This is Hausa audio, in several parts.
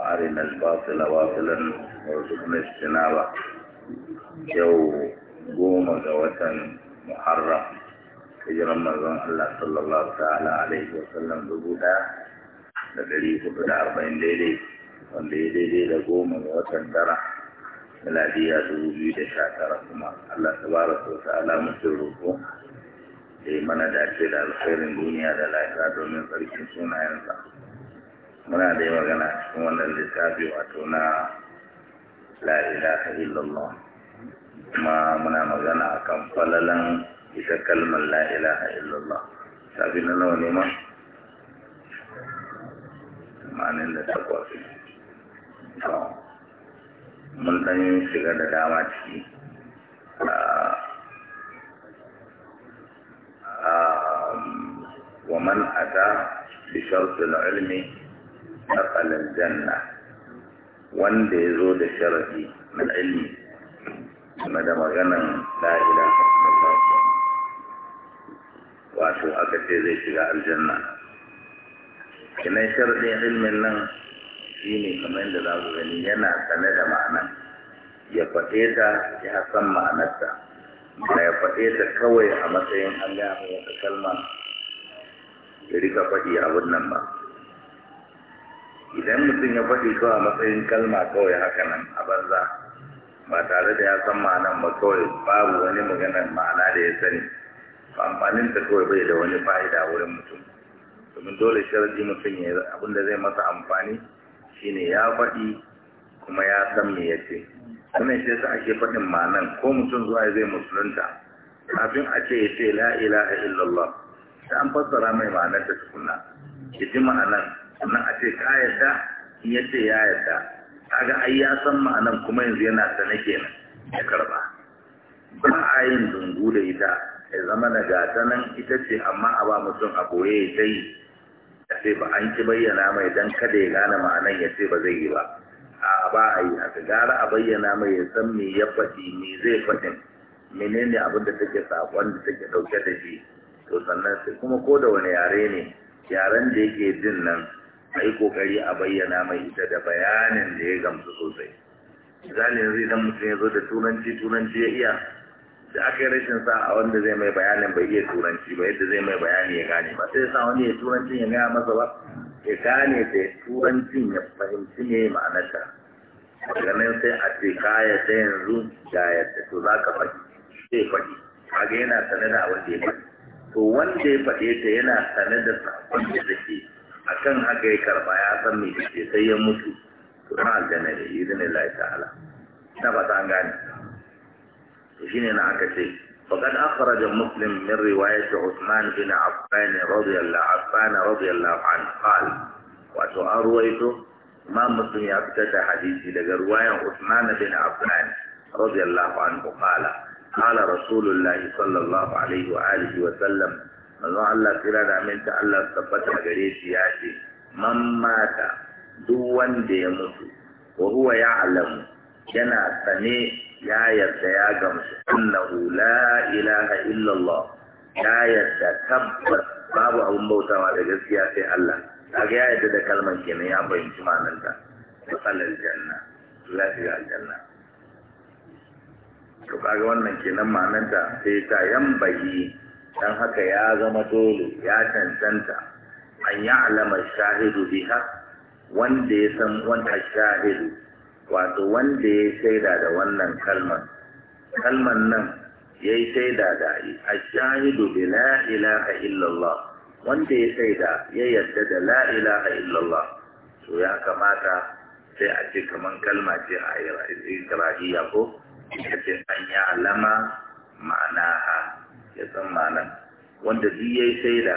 Ari na وأرنا الباطل باطلا وارزقنا اجتنابه goma ga watan Muharram. hijiran manzon Allah sallallahu ta'ala alaihi wa sallam dubu ɗaya da ɗari hudu da arba'in daidai wanda ya daidai da goma ga watan tara miladiya dubu biyu da sha tara kuma Allah tabaraka wa ta'ala mutum roƙo da yi mana dace da alkhairin duniya da lafiya domin tsarkin sunayensa. muna da yi magana cikin wannan lissafi wato na la'ilaha illallah kuma muna magana a kan falalan ita kalmar la'ilaha illallah safi na nawa ne ma? 88 mun ɗan shiga da dama ciki wa man ata bi shartul ilmi دخل الجنة وان دي زود شرعي من علمي ما دام غنم لا إله إلا الله wato aka ce zai shiga aljanna kinan sharɗin ilmin nan shine kamar yadda za ku gani yana sane da ma'anar ya faɗe ta ya san ma'anarta ba ya faɗe ta kawai a matsayin an gaya wata kalma ya rika faɗi abin nan ba idan mutum ya faɗi ko a matsayin kalma kawai haka nan a banza ba tare da ya san ma'anan ba kawai babu wani maganar ma'ana da ya sani amfanin ta kawai bai da wani fa'ida wurin mutum domin dole sharadi mutum ya abin da zai masa amfani shine ya faɗi kuma ya san me ya ce wannan shi yasa ake faɗin ma'anan ko mutum zuwa zai musulunta kafin a ce ya ce la ilaha illallah sai an fassara mai ma'anar ta tukunna ya ji ma'anar sannan a ce ka yadda in ya ce ya yadda kaga ai ya san ma'anan kuma yanzu yana sane kenan ya karba ba a yin dungu da ita ya zama na gata nan ita ce amma a ba mutum a boye ya ta yi ya ce ba an ki bayyana mai dan kada ya gane ma'anan ya ce ba zai yi ba a ba a yi haka gara a bayyana mai ya san me ya faɗi me zai faɗin menene abin da take saƙon da take ɗauke da shi to sannan sai kuma ko da wani yare ne yaren da yake jin nan a yi kokari a bayyana mai ita da bayanin da ya gamsu sosai misali yanzu idan mutum ya zo da turanci turanci ya iya da aka yi rashin sa a wanda zai mai bayanin bai iya turanci ba yadda zai mai bayani ya gane ba sai sa wani ya turancin ya gaya masa ba ya gane da turancin ya fahimci ne ma'anarta daga nan sai a ce kaya ta yanzu ga yadda to za ka faɗi sai faɗi kaga yana sane da abin da ya faɗi to wanda ya faɗe ta yana sane da sakon da take akan haka ya karba ya san mai ke sai ya mutu to na aljanna ne izinin Allah ta'ala ta ba ta gane to shine na aka ce afara da muslim min shi usman bin Affan radiyallahu Affan radiyallahu an qala wato an ruwaito ma muslim ya fitar da hadisi daga ruwayan usman bin Affan radiyallahu an qala qala rasulullahi sallallahu alaihi wa alihi wa sallam manzon Allah kira da aminta Allah tabbata gare shi ya ce man duk wanda ya mutu wa huwa ya alamu yana sane ya yarda ya gamsu annahu la ilaha illallah ya yarda tabbas babu abun bautawa da gaskiya sai Allah kaga ya yarda da kalmar kenan ya fahimci ma'anarta masalar janna za ga aljanna to kaga wannan kenan mananta sai ta yambayi don haka ya zama dole ya cancanta an ya alama shahidu biha wanda ya san wanda shahidu wato wanda ya shaida da wannan kalmar kalmar nan ya yi shaida da a shahidu bi la ilaha illallah wanda ya shaida ya yarda da la ilaha illallah to ya kamata sai a ce kaman kalma ce a yi ko ita ce an ya alama ma'ana ha ya san malam wanda duk yi shaida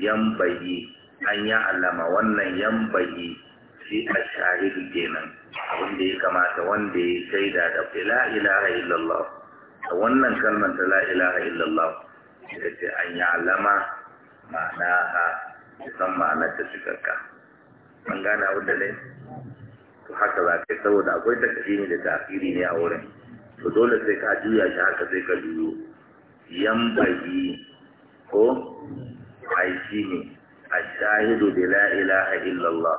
yan bayi an ya alama wannan yan bayi shi a shahidi kenan abin da ya kamata wanda ya shaida da la ilaha illallah da wannan kalmar ta la ilaha illallah ita ce an ya alama ma'ana ha san ma'ana ta cikakka an gane abin da ne to haka za ka saboda akwai ne da tafiri ne a wurin to dole sai ka juya shi haka sai ka juyo ينبغي هو عايشيني الشاهد بلا اله الا الله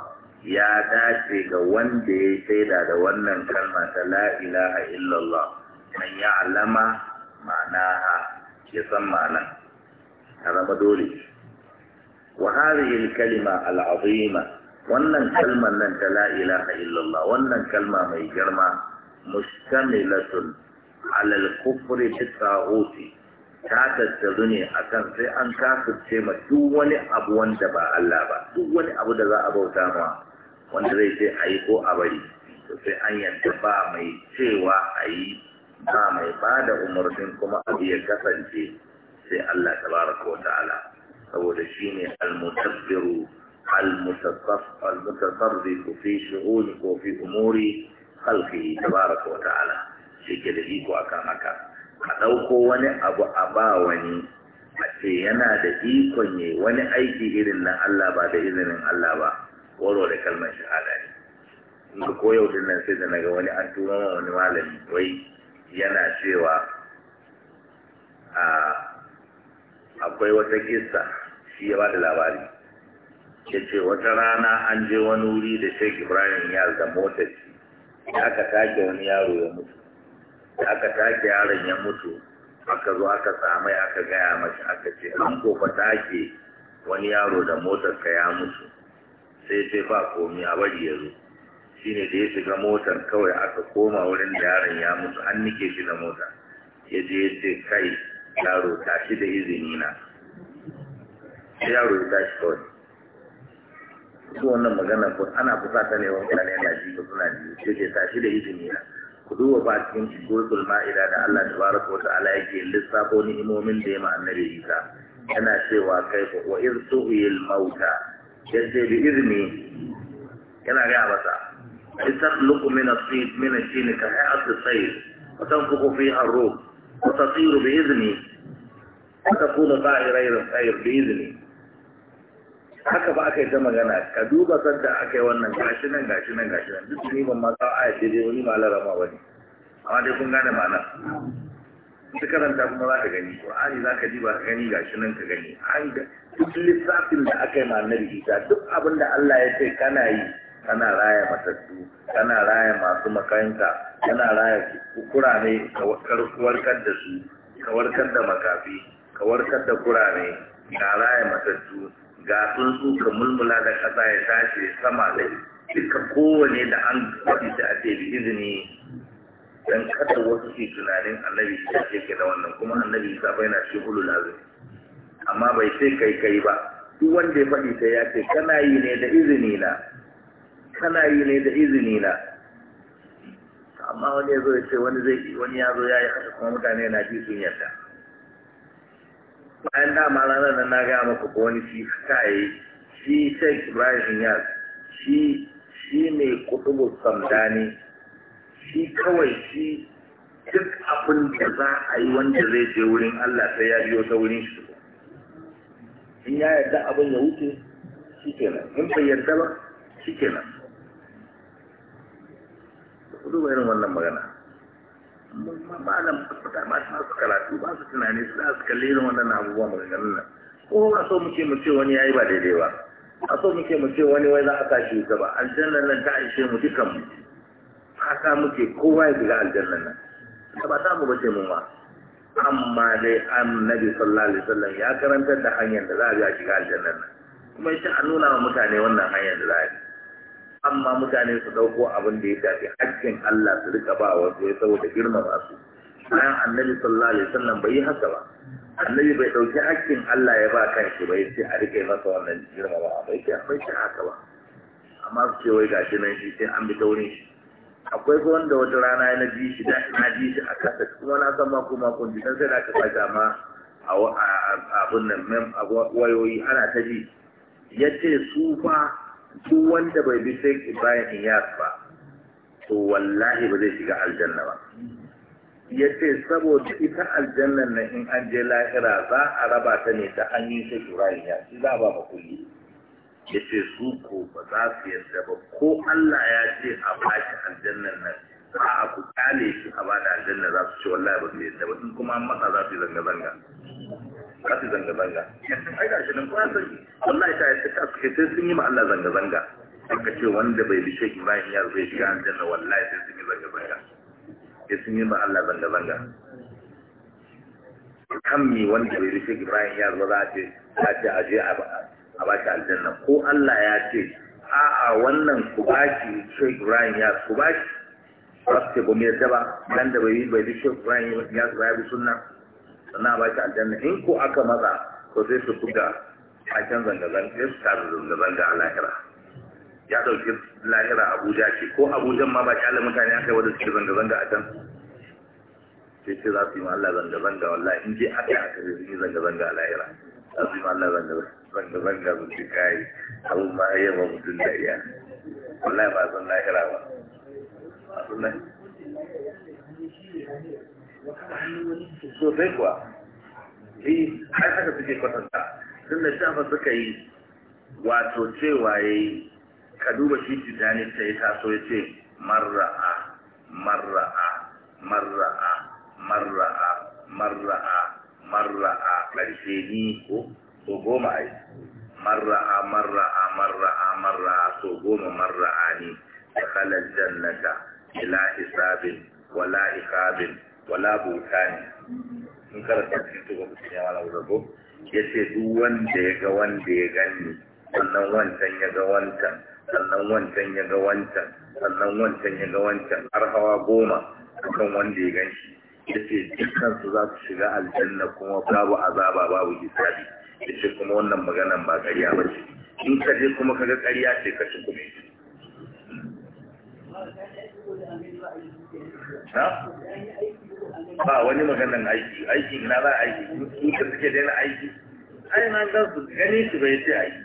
يا داشي قوان دي سيدا دوانا كلمة لا اله الا الله من يعلم معناها يسمى يسمعنا هذا مدولي وهذه الكلمة العظيمة وانا كلمة انت لا اله الا الله وانا كلمة ميجرمة مشتملة على الكفر في الطاغوت ta tattaru ne a kan sai an kasance ma duk wani abu wanda ba Allah ba duk wani abu da za a bauta ma wanda zai ce a yi ko a bari sai an yanta ba mai cewa a yi ba mai ba da umarnin kuma abu ya kasance sai Allah tabaraka wa ta'ala saboda shine al-mutabbiru al fi shu'uni ko fi umuri khalqihi tabaraka wa ta'ala shi ke da iko akan haka ka ɗauko wani abu a ba wani a ce yana da ikon yi wani aiki irin na Allah ba da izinin Allah ba waro da kalmar shahada ne ko yau din nan sai da naga wani an tura wani malami wai yana cewa a akwai wata kissa shi ya ba da labari ya ce wata rana an je wani wuri da Sheikh Ibrahim ya da motar shi aka take wani yaro ya mutu da aka take yaron ya mutu aka zo aka samai aka gaya mashi aka ce an kofa take wani yaro da motar ka ya mutu sai sai ba komi a bari ya zo shi ne da ya shiga motar kawai aka koma wurin da yaron ya mutu an nike shi da mota ya je ya ce kai yaro tashi da izini na yaro ya tashi kawai su wannan magana ko ana ta ne wani mutane na ji ko suna ji sai ce tashi da izini na kudu ba cikin suratul ma'ida da Allah tabaraka wa ta'ala yake lissafo ni imomin da ya ma annabi Isa yana cewa kai wa iz tuhil mauta yace bi izni yana ga masa تخلق من الطين من الطين كهيئة الطير وتنفخ فيها الروح وتطير بإذني وتكون طائرين الطير بإذني haka ba aka yi ta magana ka duba sadda aka yi wannan gashi nan gashi nan gashi nan duk ni ban ma sa a yace dai wani malar rama ba ne amma dai kun gane ma'ana ta karanta kuma za ka gani ƙwari za ka ji ba ka gani gashi nan ka gani an ga duk lissafin da aka yi ma'anar isa duk abin da Allah ya ce kana yi kana raya matattu kana raya masu makayinka kana raya kurane ka warkar da su ka warkar da makafi ka warkar da kurane na raya matattu ga tsuntsu ka mulmula da ƙasa ya tashi sama da duka kowane da an faɗi da ake da izini don kada wasu ke tunanin annabi ya ce ke da wannan kuma annabi ya bai na shi hulu lazu amma bai ce kai kai ba duk wanda ya faɗi ta ya ce kana yi ne da izini na kana yi ne da izini na amma wani ya zo ya ce wani zai wani ya zo ya yi haka kuma mutane na ji sun yarda bayan dama ranar nan na gaya maka ko wani shi ka yi shi sheikh ibrahim yaz shi shi ne kutubu samdani shi kawai shi duk abin da za a yi wanda zai je wurin allah sai ya biyo ta wurin shi in ya yarda abin ya wuce shi kenan in bai yarda ba shi kenan kudu irin wannan magana malam fita ma su karatu ba su tunani su da su kalli irin wannan abubuwa maganganun nan ko ba so muke mu ce wani yayi ba daidai ba a so muke mu ce wani wai za a sa shi gaba aljannan nan ta aishe mu dukan mu haka muke kowa ya shiga aljannan nan da ba samu ba ce ma amma dai annabi sallallahu alaihi wasallam ya karantar da hanyar da za a shiga aljannan nan kuma ya ce a nuna wa mutane wannan hanyar da za a yi amma mutane su ɗauko abin da ya shafi hakkin Allah su rika ba wa sai saboda girmama su bayan annabi sallallahu alaihi wasallam bai yi haka ba annabi bai ɗauki hakkin Allah ya ba kanshi bai sai a rike masa wannan girmama bai ce akwai ce haka ba amma su ce wai gashi nan shi sai an bi ta wurin shi akwai ko wanda wata rana na ji shi da na ji shi a kasa kuma na san mako mako ji dan sai da ka faɗa ma a abun nan mem wayoyi ana ta ji yace su fa duk wanda bai bi sai Ibrahim Iyas ba to wallahi ba zai shiga aljanna ba yace saboda ita aljannan nan in an je lahira za a raba ta ne ta yi shi Ibrahim Iyas shi za ba makulli yace su ko ba za su yarda ba ko Allah ya ce a baki aljannan nan ba a ku kale shi a bada aljanna za su ce wallahi ba su yarda ba in kuma an matsa za su yi zanga-zanga za su zanga-zanga ai da shi nan kuma san wallahi ta yi suka suke sai sun yi ma Allah zanga-zanga ka ce wanda bai bi Sheikh Ibrahim ya zai shiga aljanna wallahi sai sun yi zanga-zanga sai sun yi ma Allah zanga-zanga kan mi wanda bai bi Sheikh Ibrahim ya zai za ce za ce a je a ba shi aljanna ko Allah ya ce a'a wannan ku baki Sheikh Ibrahim ya ku baki ba su ce ba mu yarda ba nan da bai bi Sheikh Ibrahim ya zo ya bi sunna sannan ba ki aljanna in ko aka matsa ko sai su buga a can zanga-zanga sai su tara zanga-zanga a lahira ya ɗauki lahira abuja ce ko abujan ma ba kyale mutane aka yi wadda suke zanga-zanga a can sai ce za su yi ma zanga-zanga wallahi in je aka yi aka yi zanga-zanga a lahira za su yi ma zanga-zanga su ce kai abun ma ya yaba mutum da iya wallahi ba zan lahira ba a sunan sosai kuwa eh har haka suke kwatanta tun da shafa suka yi wato cewa ya yi ka duba shi titanic ta yi taso ya ce marra'a marra'a marra'a marra'a marra'a marra'a ƙarshe ni ko so goma ai marra'a marra'a marra'a marra'a so goma marra'a ni da kalar jannata ila hisabin wala ikabin wala butani in karanta cikin tuba mutum ya wala rago ya ce duk wanda ya ga wanda ya gani sannan wancan ya ga wancan sannan wancan ya ga wancan sannan wancan ya ga wancan har hawa goma kan wanda ya gan shi ya ce su za su shiga aljanna kuma babu azaba babu hisabi ya ce kuma wannan maganan ba ƙarya ba ce in ka je kuma ka ga ƙarya ce ka ci kuma na? ba wani maganan aiki aiki na za aiki su da suke daina aiki ai na ga su gani su bai ce aiki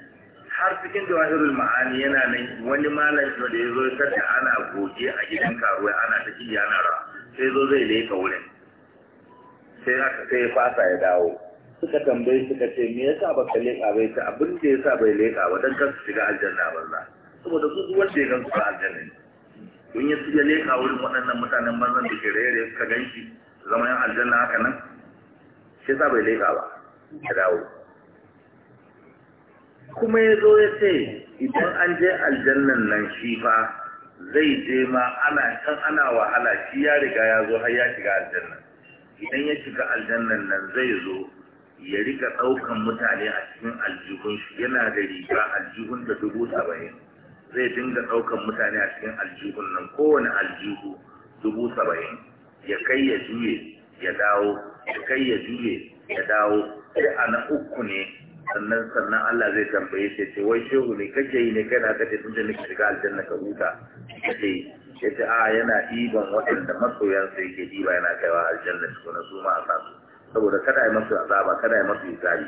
har cikin jawahirul ma'ani yana nan wani malam da ya zo ya ana goge a gidan karuwa ana ta ci yana ra sai zo zai leka wurin sai haka sai fasa ya dawo suka tambayi suka ce me yasa baka leka bai ta abin da yasa bai leka ba dan kan su shiga aljanna banza saboda su wanda ya gan su aljanna in ya ya leƙa wurin waɗannan mutanen manzan da ke raye ka gan shi zama yan aljanna haka nan shi sa bai leka ba ya dawo kuma ya zo ya ce idan an je aljannan nan shi fa zai je ma ana kan ana wahala shi ya riga ya zo har ya shiga aljannan idan ya shiga aljannan nan zai zo ya rika ɗaukan mutane a cikin aljihun shi yana da riga aljihun da dubu saba'in zai dinga ɗaukan mutane a cikin aljihun nan kowane aljihu dubu saba'in ya kai ya juye ya dawo ya kai ya juye ya dawo sai a na uku ne sannan sannan Allah zai tambaye shi ce wai shehu ne kake yi ne kana kace tun da nake shiga aljanna ka huta kace yace a yana ɗiban waɗanda sai yake diba yana kaiwa aljanna su na su ma a sasu saboda kada ai masu azaba kada ai masu izali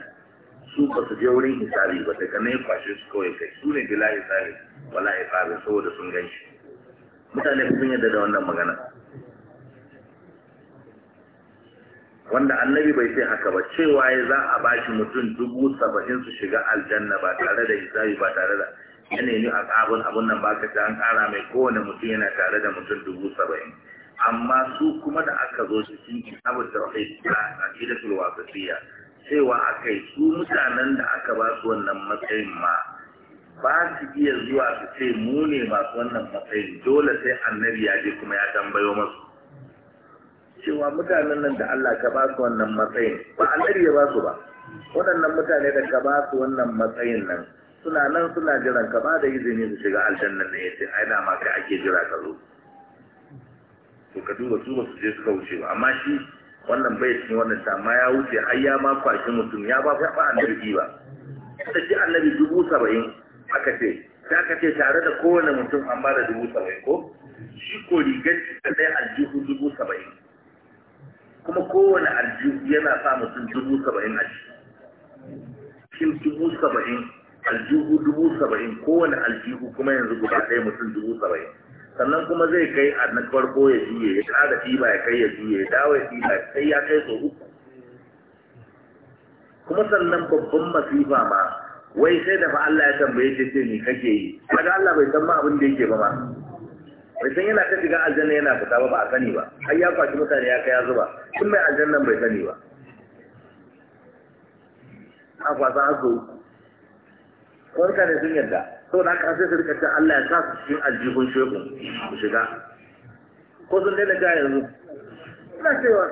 su ba su je wurin hisabi ba daga nan kwashe su kawai kai su ne bila hisabi wala hisabi saboda sun gan shi mutane sun yadda da wannan magana wanda annabi bai sai haka ba cewa ya za a bashi mutum dubu saba'in su shiga aljanna ba tare da hisabi ba tare da yanayin a abun abun nan ba ka an kara mai kowane mutum yana tare da mutum dubu saba'in amma su kuma da aka zo cikin kitabul tauhid a aqidatul wasatiyya cewa a kai su mutanen da aka ba su wannan matsayin ma ba su iya zuwa su ce mu ne masu wannan matsayin dole sai annabi ya je kuma ya tambayo masu cewa mutanen nan da Allah ka ba su wannan matsayin ba annabi ya ba su ba waɗannan mutane da ka ba su wannan matsayin nan suna nan suna jiran ka ba da izini su shiga aljanna ne yace ai da ma kai ake jira ka zo to ka duba su ba su je suka wuce ba amma shi wannan bai cikin wannan amma ya wuce ayya ya ma kwashi mutum ya ba fa annabi ba da shi annabi dubu saba'in aka ce ta ka ce tare da kowane mutum amma da dubu saba'in ko shi ko rigar da ɗaya aljihu dubu saba'in kuma kowane aljihu yana sa mutum dubu saba'in a shi dubu saba'in aljihu dubu saba'in kowane aljihu kuma yanzu guda ɗaya mutum dubu saba'in sannan kuma zai kai a na farko ya juye ya ƙara ɗiba ya kai ya juye ya dawo ya ya kai ya kai sau uku kuma sannan babban masifa ma wai sai da fa Allah ya tambaye ce ce ni kake yi kaga Allah bai san ma abin da yake ba ma bai san yana ta shiga aljanna yana fita ba ba a sani ba ai ya kwashi mutane ya kai ya zuba tun mai aljannan bai sani ba a kwasa hasu ko ne sun yarda saboda haka sai su rika ta Allah ya sa su cikin aljihun shehu su shiga ko sun dai daga yanzu ina cewa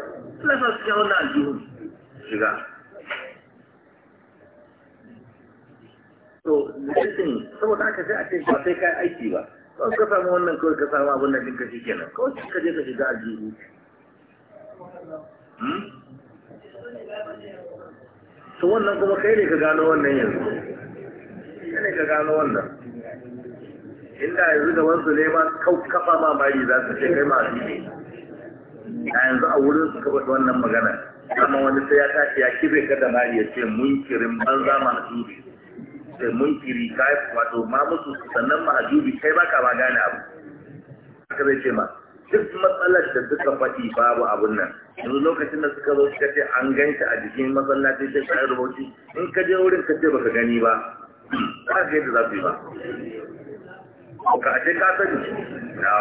ina sa su cikin wannan aljihun shiga to listen saboda aka sai a ce ba sai kai aiki ba kawai ka samu wannan kawai ka samu abin da ɗinka shi kenan kawai ka je ka shiga aljihu hmm? to wannan kuma kai ne ka gano wannan yanzu shi ne ka gano wannan inda yanzu da wanzu ne ba kafa mamari za su ce kai masu ne a yanzu a wurin su kafa wannan magana amma wani sai ya tashi ya kibe ka da mari ya ce munkirin banza masu ce munkiri ka wato ma musu sannan mahajubi kai baka ma gane abu haka zai ce ma duk matsalar da suka faɗi babu abun nan yanzu lokacin da suka zo suka ce an ganta a jikin masallaci sai ka rubuci in ka je wurin ka ce baka gani ba ba ga yadda za su ba ka ce ka sani na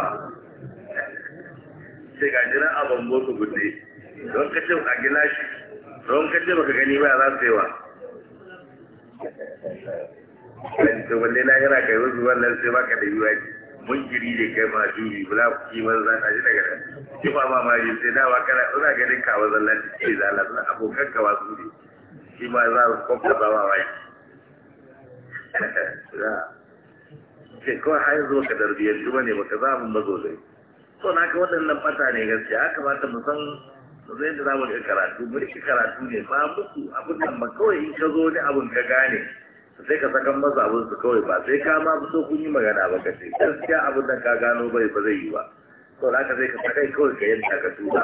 sai ga jiran abin boko gudu don ka ce a gina shi don ka ce baka gani ba za su yi wa to balle na yana kai wasu wannan sai baka da yi waki mun giri da kai ma juri bula kiman za ta ji daga nan ki ba mamari sai dawa kana ina ganin kawo zallan ce zallan abokan ka wasu ne shi ma za su kwamfa ba yi. ce kawai har yanzu baka tarbiyyantu ba ne mu mazo zai? so na ka waɗannan fata ne gaskiya ya kamata mu san zai da zamu ga karatu mu rike karatu ne ba musu abin nan ba kawai in ka zo ne abin ka gane sai ka sakan masa abin su kawai ba sai ka ma so kun yi magana ba ka ce gaskiya abin nan ka gano bai ba zai yi ba so na ka sai ka sakai kawai ka yanta ka tuba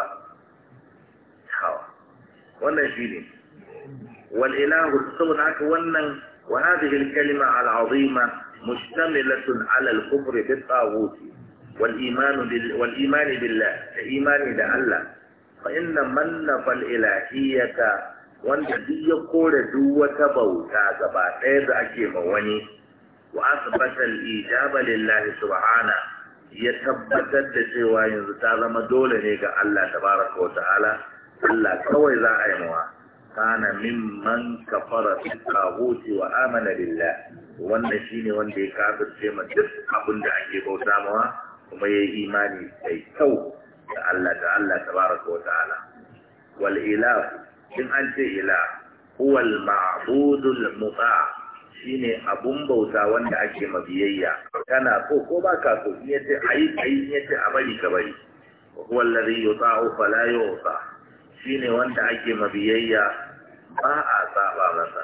hawa wannan ne wal ilahu saboda haka wannan وهذه الكلمة العظيمة مشتملة على الكفر بالطاغوت والإيمان بال... والإيمان بالله الإيمان بالله فإن من نفى الإلهية والذي يقول دوة بوتا زبات إذا أجيب وني وأثبت الإجابة لله سبحانه يثبت الدسوا ينزل تعلم دولة الله تبارك وتعالى الله كوي ذا kana mimman kafara fi taguti wa amana lillah. wannan shine wanda ya kafirce ma duk abin da ake bauta mawa kuma yayi imani sai kyau da Allah da Allah tabaraka wa ta'ala wal ilah in an ce ilah huwa al ma'budul muta' shine abun bauta wanda ake biyayya. kana so ko ba ka yace yace a bari ka bari huwa alladhi yuta'u fala yu'ta shine wanda ake ma biyayya. ba a saba masa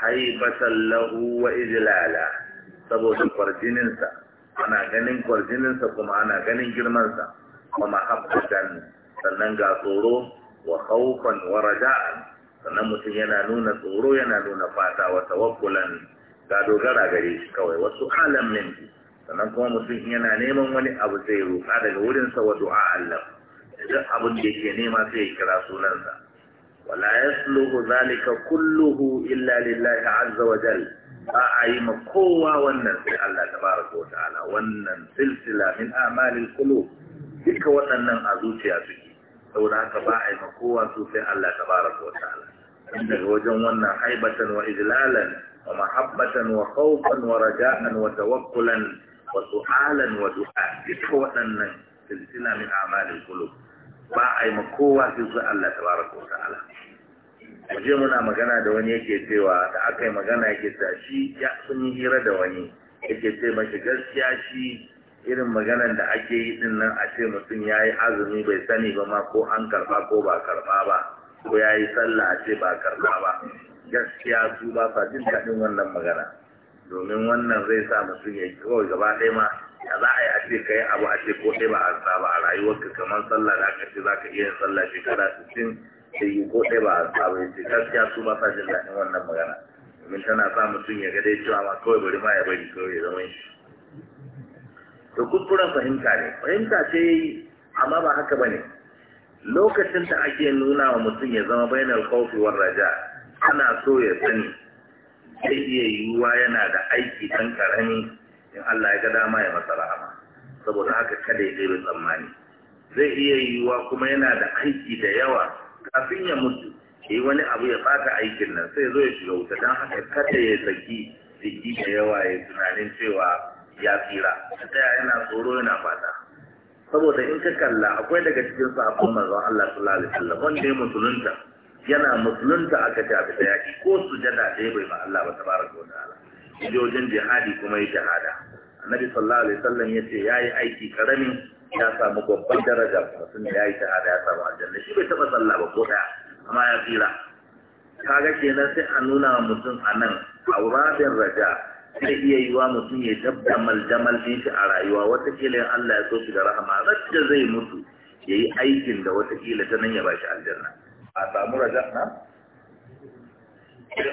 haibatan lahu wa izlala saboda kwarjininsa ana ganin kwarjininsa kuma ana ganin girmansa wa mahabbatan sannan ga tsoro wa khawfan wa raja'an sannan mutum yana nuna tsoro yana nuna fata wa tawakkulan ga dogara gare shi kawai wasu alam min sannan kuma mutum yana neman wani abu zai roƙa daga wurinsa wa du'a Allah duk abin da yake nema sai ya kira sunansa wala yasluhu zalika kulluhu illa lillahi azza wa jalla ba a yi ma kowa wannan sai Allah tabaraka wa ta'ala wannan silsila min amalil qulub waɗannan a zuciya suke saboda haka ba a yi ma kowa su sai Allah tabaraka wa ta'ala daga wajen wannan haibatan wa ijlalan wa mahabbatan wa khawfan wa raja'an wa tawakkulan wa su'alan wa du'a duka waɗannan silsila min amalil ba a yi ma kowa sai Allah tabaraka wa ta'ala je muna magana da wani yake cewa da aka yi magana yake ta shi ya sun yi hira da wani yake ce mashi gaskiya shi irin maganan da ake yi din nan a ce mutum ya yi azumi bai sani ba ma ko an karba ko ba karba ba ko ya yi sallah a ce ba karba ba gaskiya su ba sa jin daɗin wannan magana domin wannan zai sa mutum ya kawai gaba ɗaya ma ya za a yi a ce ka yi abu a ce ko ɗaya ba a ba a rayuwarka kamar sallah da aka ce za ka iya sallah shekara sittin sai ko ɗaya ba a samu ta gaskiya su ba sa jin daɗin wannan magana domin tana sa mutum ya ga dai cewa ma kawai bari ma ya bari kawai ya zama shi to kuskuren fahimta ne fahimta ce amma ba haka ba ne lokacin da ake nuna wa mutum ya zama bainar kofi war raja ana so ya sani zai iya yiwuwa yana da aiki ɗan ƙarami in Allah ya ga dama ya masa rahama saboda haka kada ya ɗebe tsammani zai iya yiwuwa kuma yana da aiki da yawa kafin ya mutu yi wani abu ya fata aikin nan sai zo ya shiga wuta don haka kada ya saki jiki da yawa ya tunanin cewa ya tsira ta yana tsoro yana fata saboda in ka kalla akwai daga cikin sahabban mazan Allah sallallahu alaihi wasallam wanda ya musulunta yana musulunta aka ta da yaki ko su sujada da bai ma Allah ba tabaraka wa ta'ala jojin jihadi kuma ya shahada annabi sallallahu alaihi wasallam yace yayi aiki karamin ya samu babban daraja mutum da ya yi shahada ya samu aljanna shi bai taɓa sallah ba ko ɗaya amma ya tsira kaga kenan sai a nuna wa mutum a nan a raja zai iya yi wa mutum ya dabda maljamal din shi a rayuwa watakila in Allah ya so shi da rahama rajja zai mutu ya yi aikin da watakila ta nan ya ba shi aljanna a samu raja na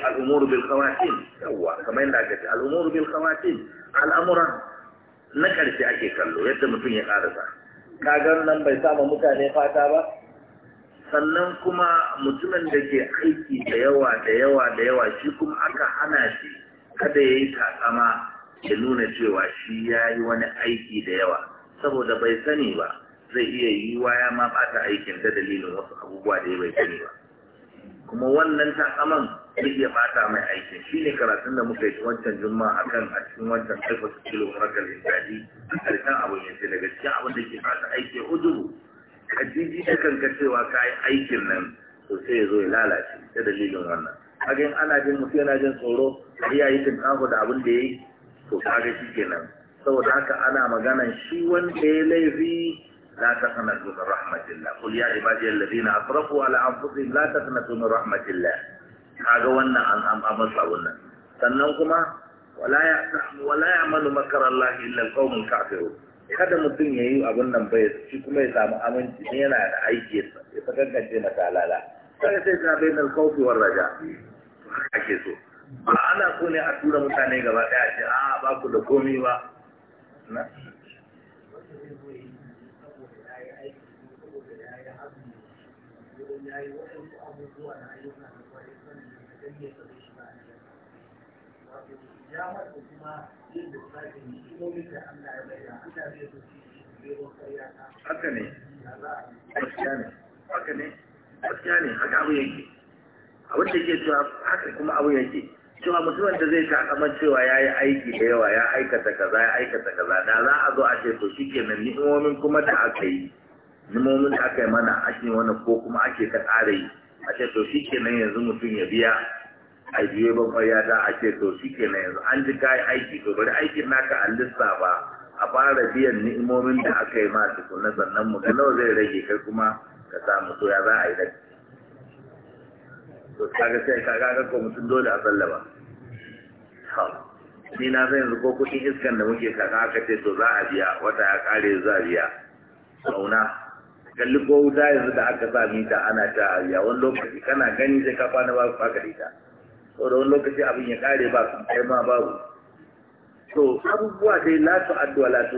al'umuru bil kawatin yawwa kamar yadda aka ce al'umuru bil kawatin al'amuran na ƙarshe ake kallo yadda mutum ya ƙarasa kagan nan bai samu mutane fata ba sannan kuma mutumin da ke aiki da yawa da yawa da yawa shi kuma aka hana shi kada ya yi takama ya nuna cewa shi ya yi wani aiki da yawa saboda bai sani ba zai iya yi ya ma ɓata aikin da dalilin wasu abubuwa da ya bai sani ba kuma wannan takaman duk ya bata mai aiki shi ne karatun da muka yi wancan juma'a akan a cikin wancan taifa su kilo rakar lissafi karshen abin yanzu daga cikin abin da ke bata aiki ujubu ka jiji da kanka cewa ka yi aikin nan to sai ya zo ya lalace ta dalilin wannan kaga in ana jin mutum yana jin tsoro har ya yi tinkaho da abin da ya yi to kaga shi kenan saboda haka ana maganan shi wanda ya laifi لا تقنطوا من رحمة الله قل يا عبادي الذين أسرفوا على أنفسهم لا تقنطوا من رحمة الله kaga wannan an an wannan sannan kuma wala ya wala ya amalu makarallahi illa alqawmul kafirun kada mutum ya yi abin nan bai shi kuma ya samu aminci ne yana da aiki ya ta na mata halala kaga sai ta bayin alkhawfi war raja ake so ba ana so ne a tura mutane gaba daya a ce a ba ku da komai ba na haka ne gaskiya ne haka ne gaskiya ne haka abu yake A da ke cewa haka kuma abu yake cewa mutumin da zai ta kamar cewa ya yi aiki da yawa ya aikata kaza ya aikata kaza da za a zo a ce to shi ke nan ni'imomin kuma da aka yi ni'imomin da aka yi mana ake wani ko kuma ake ka ƙara yi a ce to shi ke nan yanzu mutum ya biya ajiye babban yata a ce to shi kenan yanzu an ji kayi aiki to bari aikin naka lissa ba a fara biyan ni'imomin da aka yi ma tukuna sannan mu ga nawa zai rage kai kuma ka samu to ya za a yi da to kaga sai ka ga ko mutum dole a ba ni na san yanzu ko kuɗin iskan da muke kaka aka ce to za a biya wata ya kare za a biya sauna kalli ko wuta yanzu da aka sa mita ana ta a biya wani lokaci kana gani sai ka kwana ba ka da ta. sau lokaci abin ya kare ba su kai ma babu to abubuwa dai la su addu'a la su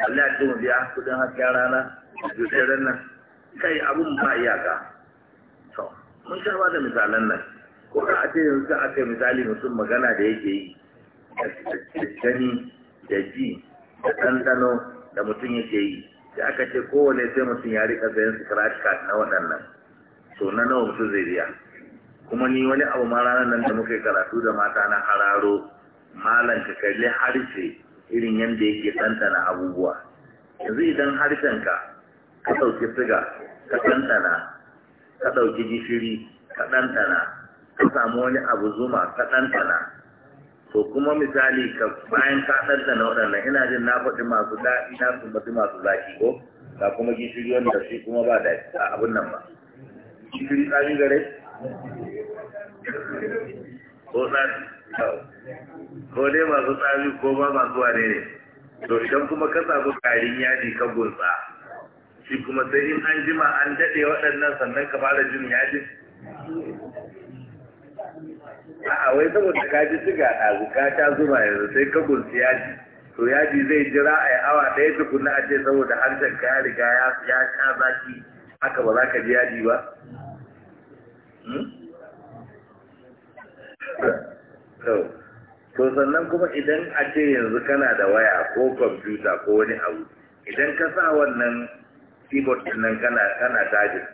Allah ya tuma biya kudin hasken rana da ran nan kai abun ba iyaka to mun sha ba da misalan nan ko a ce yanzu aka yi misali mutum magana da yake yi da gani da ji da ɗanɗano da mutum yake yi da aka ce kowane sai mutum ya rika su scratch card na waɗannan to na nawa mutum zai biya kuma ni wani abu ma ranar nan da muka yi karatu da mata na hararo malam ka kalli harshe irin yadda yake tantana abubuwa yanzu idan harshen ka ka ɗauki siga ka tantana, ka ɗauki gishiri ka tantana, ka samu wani abu zuma ka tantana, to kuma misali ka bayan ka tantana waɗannan ina jin na faɗi masu daɗi na faɗi masu zaki ko ga kuma gishiri wanda shi kuma ba da abin nan ba gishiri gare ko ko dai masu tsari ko ba masu wane ne to idan kuma ka samu karin yaji ka gunsa shi kuma sai in an jima an daɗe waɗannan sannan ka fara jin yaji a wai saboda ka ji siga a ka ta zuma yanzu sai ka gunsi yaji to yaji zai jira a awa ɗaya tukuna a ce saboda harshen ka ya riga ya sha zaki haka ba za ka ji yaji ba? Hmm? to sannan kuma idan a ce yanzu kana da waya ko kwamfuta ko wani abu idan ka sa wannan keyboard din nan kana tajin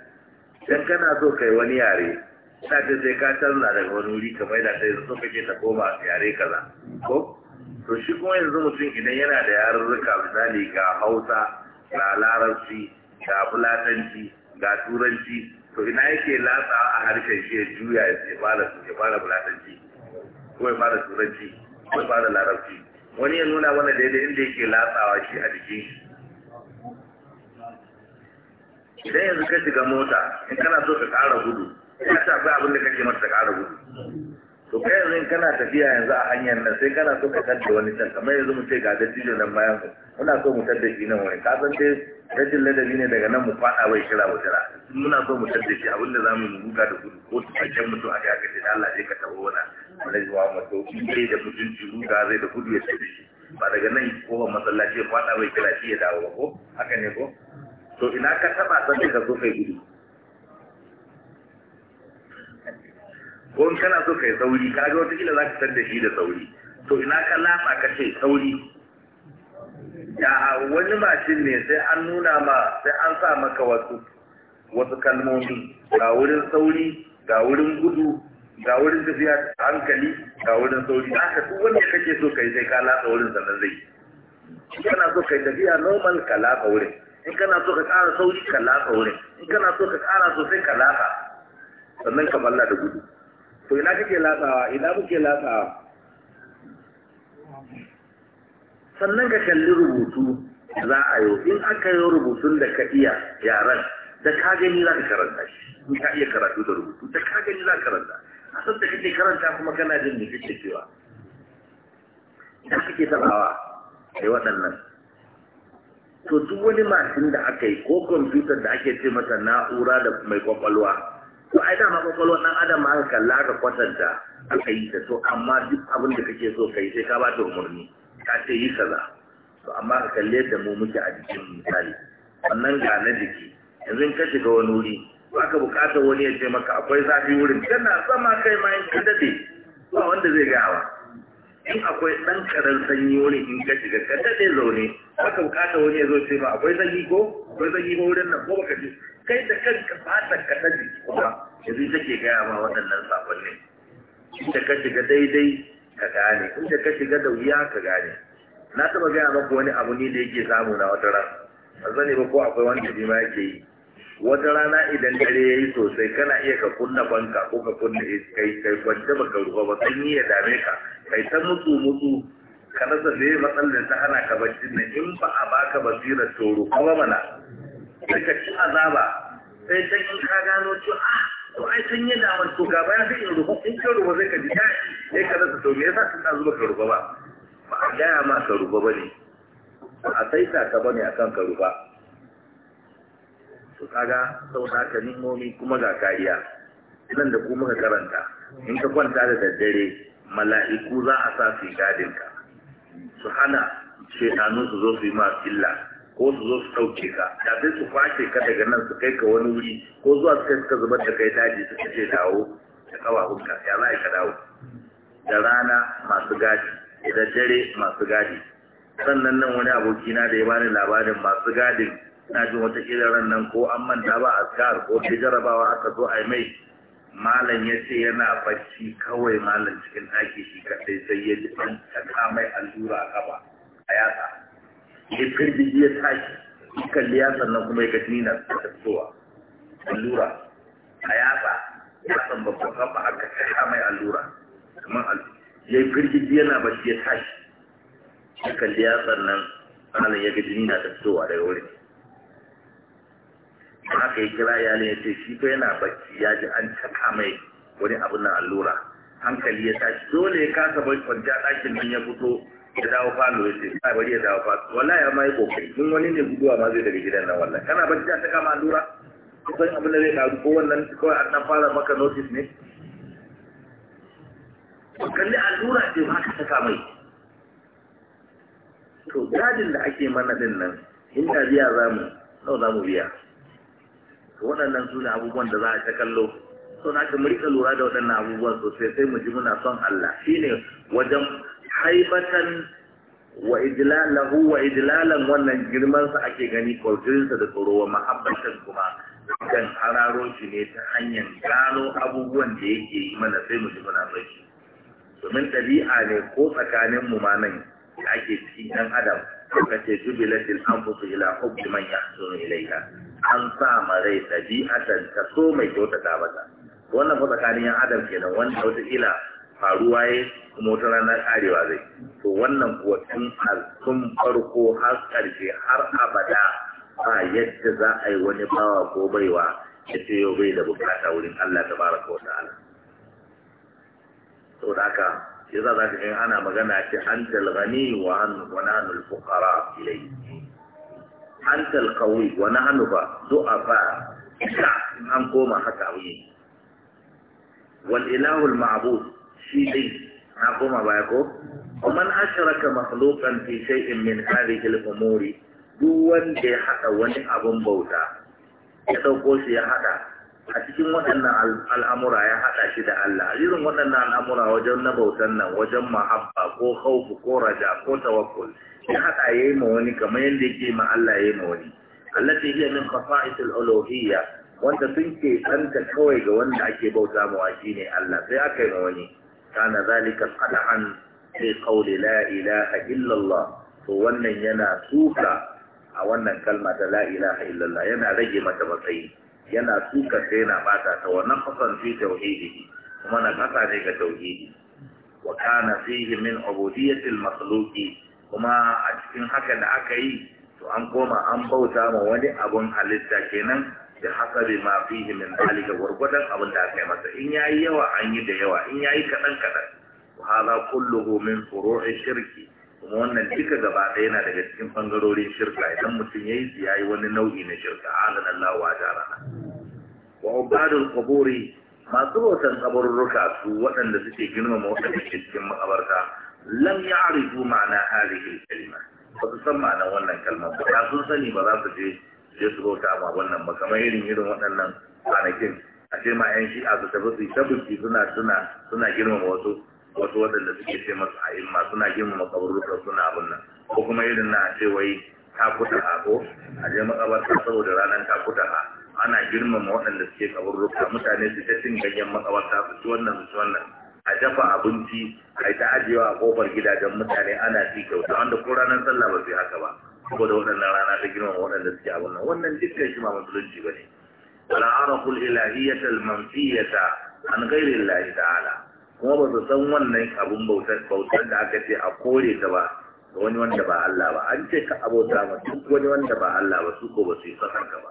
idan kana so kai wani yare ta ce sai ka canza daga wani wuri kamar da ta so kake ta koma yare kaza ko to shi kuma yanzu mutum idan yana da yarurruka misali ga hausa ga larabci ga fulatanci ga turanci to ina yake latsa a harshen shi ya juya ya su ya fara bulatanci ko ya fara turanci ko ya fara larabci wani ya nuna mana daidai inda yake latsawa shi a jikin shi idan yanzu ka shiga mota in kana so ka ƙara gudu ina ta akwai abin da kake mata ta ƙara gudu to kai yanzu in kana tafiya yanzu a hanyar nan sai kana so ka kanta wani can kamar yanzu mu ce ga dattijo nan bayan mu muna so mu tadda shi nan wani ka san dai rashin ladabi ne daga nan mu faɗa wai shira wa shira muna so mu tadda shi abinda za mu buga da gudu ko su fakken mutu a yaka da Allah zai ka taɓa wana alhaji wa so in dai da mutunci ruga zai da gudu ya tafi shi ba daga nan ba masallaci ya faɗa wai kira shi ya dawo ba ko haka ne ko to ina ka taɓa san da so kai gudu ko in kana so kai sauri kaga wata kila zaka ka tadda shi da sauri to ina ka lafa ka ce sauri ya wani mashin ne sai an nuna ma sai an sa maka wasu wasu kalmomi ga wurin sauri ga wurin gudu ga wurin tafiya hankali ga wurin sauri aka duk wanda kake so kai sai ka latsa wurin sannan zai in kana so kai tafiya normal ka latsa wurin in kana so ka ƙara sauri ka latsa wurin in kana so ka ƙara sosai ka latsa sannan ka balla da gudu to ina kake latsawa ina muke latsawa sannan ka kalli rubutu za a yi in aka yi rubutun da ka iya yaran da ka gani za ka karanta shi in ka iya karatu da rubutu da ka gani za ka karanta a san da kake karanta kuma kana jin da kake cewa da kake tabawa kai waɗannan to duk wani mashin da aka yi ko kwamfutar da ake ce masa na'ura da mai kwakwalwa to ai dama kwakwalwa ɗan adam aka kalla ka kwatanta aka yi ta to amma duk abin da kake so kai sai ka ba ta umarni ta ce yi kaza to amma ka kalle da mu muke a jikin misali wannan ga na jiki yanzu in ka shiga wani wuri ba ka bukatar wani ya ce maka akwai zafi wurin kana sama kai ma in ka dade ba wanda zai ga wa. in akwai ɗan karan sanyi wurin in ka shiga ka dade zaune ba ka bukatar wani ya zo ce ma akwai sanyi ko akwai sanyi ko wurin nan ko baka ji kai da kanka ta ka ta jiki ba yanzu take gaya ma waɗannan saƙonnin Ita ka shiga daidai ka gane inda ka shiga da wuya ka gane na taba gaya maka wani abu ne da yake samu na wata ran ba zane ba ko akwai wani abu ma yake yi wata rana idan dare ya yi sosai kana iya ka kunna banka ko ka kunna eh, kai kai ba baka ruwa ba kan yi ya dame ka kai ta mutu mutu ka rasa da ya matsalar ta hana ka bacci nan in ba a baka basira, toro kuma mana sai ka ci azaba sai ta in ka gano cewa ah, to ai sun yi damar to gaba ya sai in rubu in kyau rubu zai ka ji daɗi sai ka rasa to me yasa tun ɗazu zuba ka ruba ba ba a gaya ma ka ruba ba ne ba a sa ka ba ne a kan ka ruba to kaga saboda haka nimomi kuma ga kariya nan da kuma ka karanta in ka kwanta da daddare mala'iku za a sa su gadin ka su hana shedanu su zo su yi masu illa ko su zo su ɗauke ka sai su kwashe ka daga nan su kai ka wani wuri ko zuwa su kai suka zubar da kai daji su ce dawo da ƙafafunka ya za ka dawo da rana masu gadi da dare masu gadi sannan nan wani aboki na da ya bani labarin masu gadin na jin wata ran nan ko an manta ba a askar ko ta jarabawa aka zo a mai malam ya ce yana bacci kawai malam cikin ɗaki shi kaɗai sai ya ji an mai allura a kafa a yasa ya firgigi ya tashi kalli ya sannan kuma ya gaji na tattowa allura a yatsa ya san babban kafa aka sha mai allura kuma ya yi firgigi yana ba ya tashi ya kalli ya sannan ranar ya gaji na tasowa daga wurin haka ya kira iyalin ya ce shi ko yana bacci ya ji an caka mai wani abin na allura hankali ya tashi dole ya kasa bai kwanciya ɗakin nan ya fito ya dawo falo ya ce kai bari ya dawo wallahi kokari wani ne guduwa ma zai daga gidan nan wallahi kana bacci ta kama dura abin da zai faru ko wannan kawai an fara maka notice ne kalli allura ce ma ka saka mai to gadin da ake mana din nan in biya za mu nawa za mu biya to waɗannan su ne abubuwan da za a ta kallo so na ka lura da waɗannan abubuwan sosai sai mu ji muna son Allah shine wajen haibatan wa idlalahu wa idlalan wannan girmansa ake gani kwalfirinsa da tsoro wa mahabbatan kuma kan hararo shi ne ta hanyar gano abubuwan da yake yi mana sai mu ji muna baki domin ɗabi'a ne ko tsakanin mu ma nan da ake ci ɗan adam ka ce jubilatil anfusu ila hubbi man yahsunu ilayha an sa ma rai ɗabi'atan ta so mai kyautata mata wannan ko tsakanin yan adam kenan wanda wata ila faruwa ya kuma wata rana karewa zai to wannan kuwa tun tun farko har ƙarshe har abada ba yadda za a yi wani bawa ko baiwa ya ce yau bai da bukata wurin Allah ta baraka wa ta'ala to da haka ya za ta in ana magana ce an talgani wa an wa nahnu al-fuqara ilayhi an talqawi wa nahnu ba du'afa in an koma haka wuyi wal ilahu al shi dai na koma baya ko asharaka makhluqan fi shay'in min hadhihi al-umuri duk wanda ya hada wani abin bauta ya dauko shi ya hada. a cikin waɗannan al'amura ya hada shi da Allah irin waɗannan al'amura wajen na bautan nan wajen mahabba ko khawfu ko raja ko tawakkul ya hada yayi ma wani kamar yadda yake ma Allah ya ma wani allati hiya min al uluhiyya wanda tun ke tsanta kawai ga wanda ake bauta mawa ne Allah sai aka yi ma wani kana zalika qad'an fi qawli la ilaha illa to wannan yana tuka a wannan kalma ta la illallah yana rage mata matsayi yana tuka sai yana bata ta wannan kasan fi tauhidi kuma na kasa ne ga tauhidi wa kana fihi min ubudiyyati al-makhluqi kuma a cikin haka da aka yi to an koma an bauta ma wani abun halitta kenan da hasabi ma fihi min dalika gurgudan abin da aka yi masa in yayi yawa an yi da yawa in yayi kadan kaɗan wa haza kulluhu min furu'i shirki kuma wannan duka gaba ɗaya yana daga cikin bangarorin shirka idan mutum yayi yi yayi wani nau'i na shirka alana Allah wa jarana wa ubadul quburi masu bautan kabarurruka su waɗanda suke girmama waɗanda ke cikin makabarta lam ya'rifu ma'ana hadhihi al-kalima ba su san ma'anar wannan kalmar ba sun sani ba za su je ya su bauta ma wannan ba kamar irin irin waɗannan kwanakin a ce ma yan shi'a su tafi su yi tabbaci suna suna suna girmama wasu wasu waɗanda suke ce masu a'imma suna girmama kaburrukan suna abin nan ko kuma irin na ce wai takuta a ko a je makabarta saboda ranar takuta a ana girmama waɗanda suke kaburruka mutane su ta cin ganyen makabarta su ci wannan su ci wannan a dafa abinci a ta ajiyewa a kofar gidajen mutane ana ci kyauta wanda ko ranar sallah ba su yi haka ba saboda waɗannan rana ta girma waɗanda suke abin nan wannan dukkan shi ma musulunci ba ne al'araful ilahiyatal manfiyata an ghairi lahi ta'ala kuma ba su san wannan abun bautar da aka ce a kore ta ba ga wani wanda ba Allah ba an ce ka abota ma duk wani wanda ba Allah ba su ko ba su yi sakar ka ba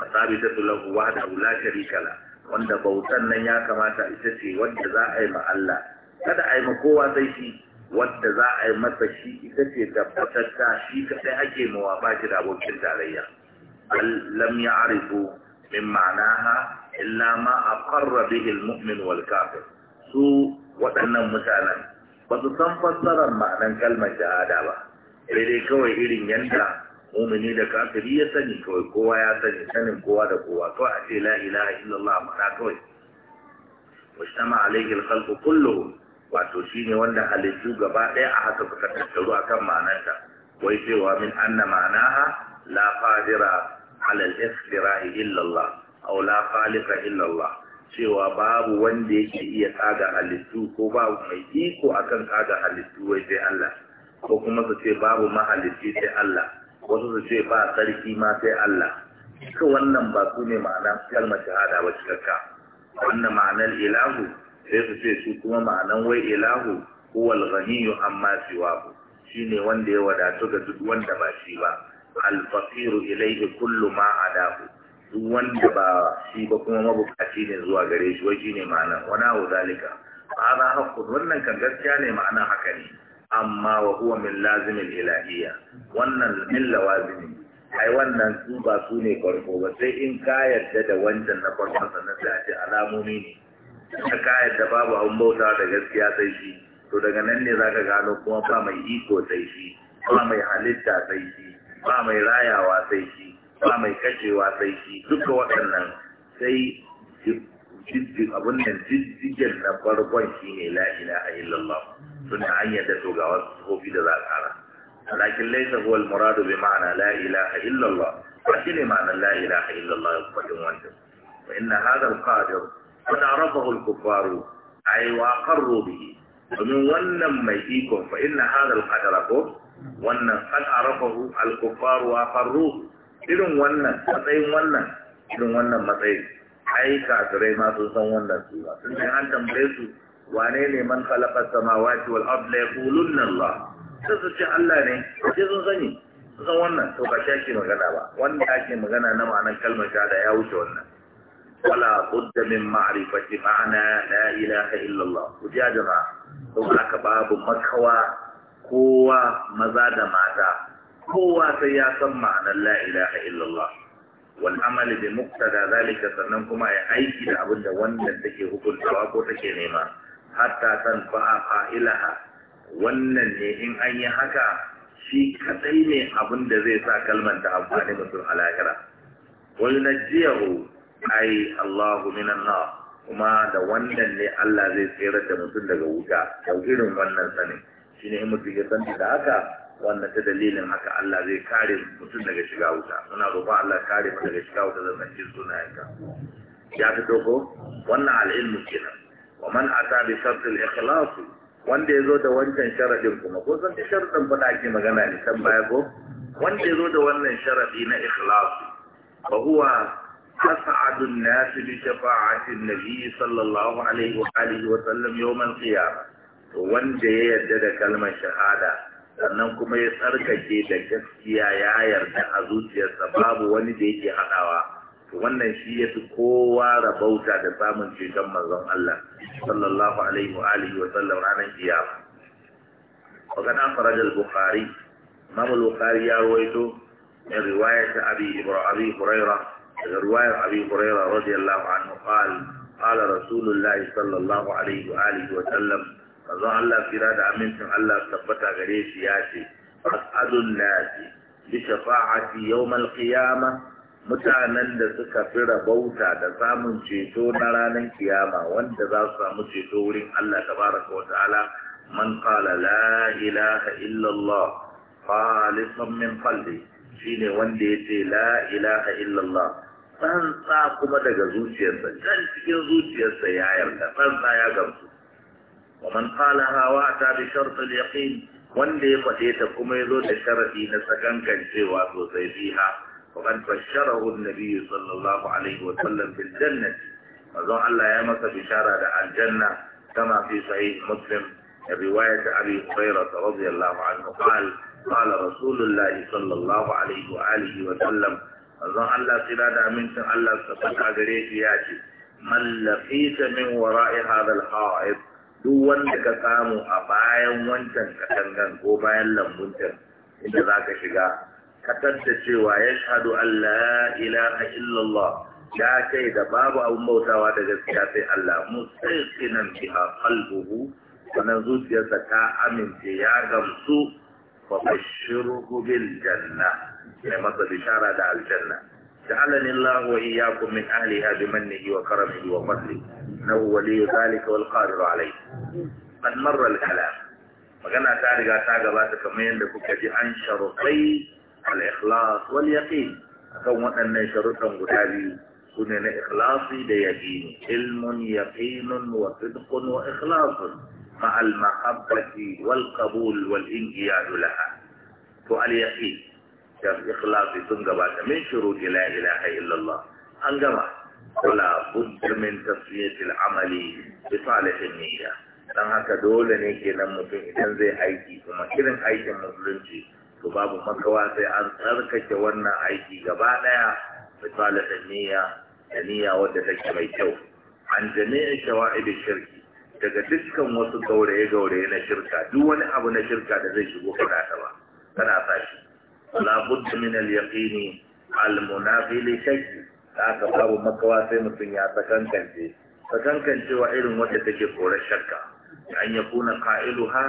asabi ta tulahu wahdahu la sharika la wanda bautan nan ya kamata ita ce wanda za a yi ma Allah kada a yi ma kowa sai shi wanda za a yi masa shi ita ce tabbatatta shi kaɗai ake mawa ba shi da abokin tarayya lam ya arifu min ma'anaha illa ma a ƙarra bihil mu'min wal kafir su waɗannan mutanen ba su san fassarar ma'anan kalmar shahada ba sai dai kawai irin yanda mumini da kafiri ya sani kawai kowa ya sani sanin kowa da kowa kawai a ce la ilaha illallah ma'ana kawai واجتمع عليه الخلق كلهم wato shine wanda halittu gaba ɗaya a haka suka tattaru akan ma'anarta wai cewa min anna ma'anaha la qadira ala illallah. ikhtirai aw la khaliqa cewa babu wanda yake iya tsaga halittu ko babu mai iko akan tsaga halittu wai sai Allah ko kuma su ce babu mahalicci sai Allah wasu su ce ba sarki ma sai Allah duka wannan ba su ne ma'anar kalmar shahada ba cikakka wannan ma'anar ilahu sai su ce su kuma ma'anan wai ilahu huwal amma siwahu shine wanda ya wadatu ga duk wanda ba shi ba al faqiru ilayhi kullu ma adahu duk wanda ba shi ba kuma mabukaci ne zuwa gare shi wai shine ma'anan wani abu zalika ma'ana hakkun wannan kan gaskiya ne ma'ana haka ne amma wa huwa min lazimin ilahiyya wannan min lawazimi ai wannan su ba su ne farko ba sai in ka yarda da wancan na farkon sannan sai a ce alamomi ne ta kaya da babu abin bauta da gaskiya sai shi to daga nan ne zaka gano kuma ba mai iko sai shi ba mai halitta sai shi ba mai rayawa sai shi ba mai kashewa sai shi duka waɗannan sai abun nan jijjigen na farkon shi ne la ilaha illallah suna hanyar da to ga wasu kofi da za a ƙara lakin laisa huwa al-muradu bi ma'ana la ilaha illallah ba shi ne ma'anar la ilaha illallah ya faɗin wanda wa inna hadha al-qadir kada faru. A yi wa qarru bihi domin wannan mai iko fa inna hadha al ko wannan qad arafahu al kuffaru wa qarru irin wannan matsayin wannan irin wannan matsayin ai kafirai ma sun san wannan su ba. sun ce hantar tambaye su wane ne man khalaqa samawati wal ard la yaqulunna Allah sai su ce Allah ne sai sun sani sun san wannan to ba shi ake magana ba wanda ake magana na ma'anar kalmar shahada ya wuce wannan ولا بد من معرفة معنى لا إله إلا الله وجاء جماعة هناك باب مكوى قوة مزاد ماتا قوة سياسة معنى لا إله إلا الله والعمل بمقتضى ذلك سننكم أي أيكي لأبن وان تكي هكو الجواب تكي نيما حتى تنفع قائلها وان نيهم أن يحكى shi kadai ne abin da zai sa kalmar ta amfani mutum a lahira wal najiyahu ai Allahu minan na kuma da wannan ne Allah zai tsere da mutum daga wuta da irin wannan sanin shi in mutum ya san da haka wannan ta dalilin haka Allah zai kare mutum daga shiga wuta muna roƙon Allah kare mu daga shiga wuta da zancin sunayenka ya fi doko wannan al'ilmu kenan wa man ata bi shart ikhlas wanda yazo da wancan sharadin kuma ko san da sharadin ba da ake magana ne san baya ko wanda yazo da wannan sharadi na ikhlas fa huwa أسعد الناس بشفاعة النبي صلى الله عليه وآله وسلم يوم القيامة wanda ya yarda da kalmar shahada sannan kuma ya tsarkake da gaskiya ya yarda a zuciyarsa babu wani da yake haɗawa wannan shi ya fi kowa rabauta da samun ceton manzon Allah sallallahu alaihi wa alihi wa sallam ranar kiyama magana kana faraj al-bukhari imam al-bukhari ya ruwaito min riwayat abi ibrahim abi hurairah رواية أبي هريرة رضي الله عنه قال قال رسول الله صلى الله عليه وآله وسلم رضا الله في رادة أمنتم الله ثبت غريش ياتي أسعد الناس بشفاعة يوم القيامة mutanen da suka fi rabauta da samun ceto na ranar kiyama wanda za su samu ceto wurin Allah tabaraka wa ta'ala man qala la ilaha illallah khalisan min qalbi shine wanda yace la ilaha illallah tsantsa kuma daga zuciyarsa can cikin zuciyarsa ya yarda tsantsa ya gamsu ومن قالها واتى بشرط اليقين wanda ya faɗe ta kuma ya zo da sharadi na sakankancewa sosai fiha وقد بشره النبي صلى الله عليه وسلم بالجنة مزون الله يمس بشارة الجنة كما في صحيح مسلم رواية أبي هريرة رضي الله عنه قال قال رسول الله صلى الله عليه وآله وسلم manzon Allah tsira da amincin Allah tabbata gare shi ya ce man laqita min wara'i hadha duk wanda ka samu a bayan wancan katangan ko bayan lambun inda zaka shiga ka da cewa yashhadu an la ilaha illallah ya kai da babu abun bautawa da gaskiya sai Allah mustaqqinan biha qalbuhu wannan zuciyarsa ta amince ya gamsu fa bashirhu bil janna ne masa bishara da aljanna جعلني الله وإياكم من أهلها بمنه وكرمه وفضله إنه ولي ذلك والقادر عليه قد مر الكلام magana ta riga ta gabata kamar yadda kuka ji an sharuɗai al-ikhlas wal yaqin akan waɗannan sharuɗan guda biyu sune na ikhlasi da yaqini ilmun yaqinun wa sidqun wa ikhlasun ma al mahabbati wal qabul wal inqiyadu laha to al yaqin da ikhlasi sun gabata min shuruti la ilaha illallah an gama wala budda min tasfiyatil amali bi salihin niyya dan haka dole ne kenan mutum idan zai aiki kuma irin aikin musulunci to babu makawa sai an tsarkake wannan aiki gaba daya bi salihin niyya da niyya wadda take mai kyau an jami'in shawa'ib shirki daga dukkan wasu gauraye-gauraye na shirka duk wani abu na shirka da zai shigo kana ta ba kana sa shi la budda min al yaqini al munafi li shay ka babu makawa sai mutum ya sakankance wa irin wacce take korar shakka an yakuna qailuha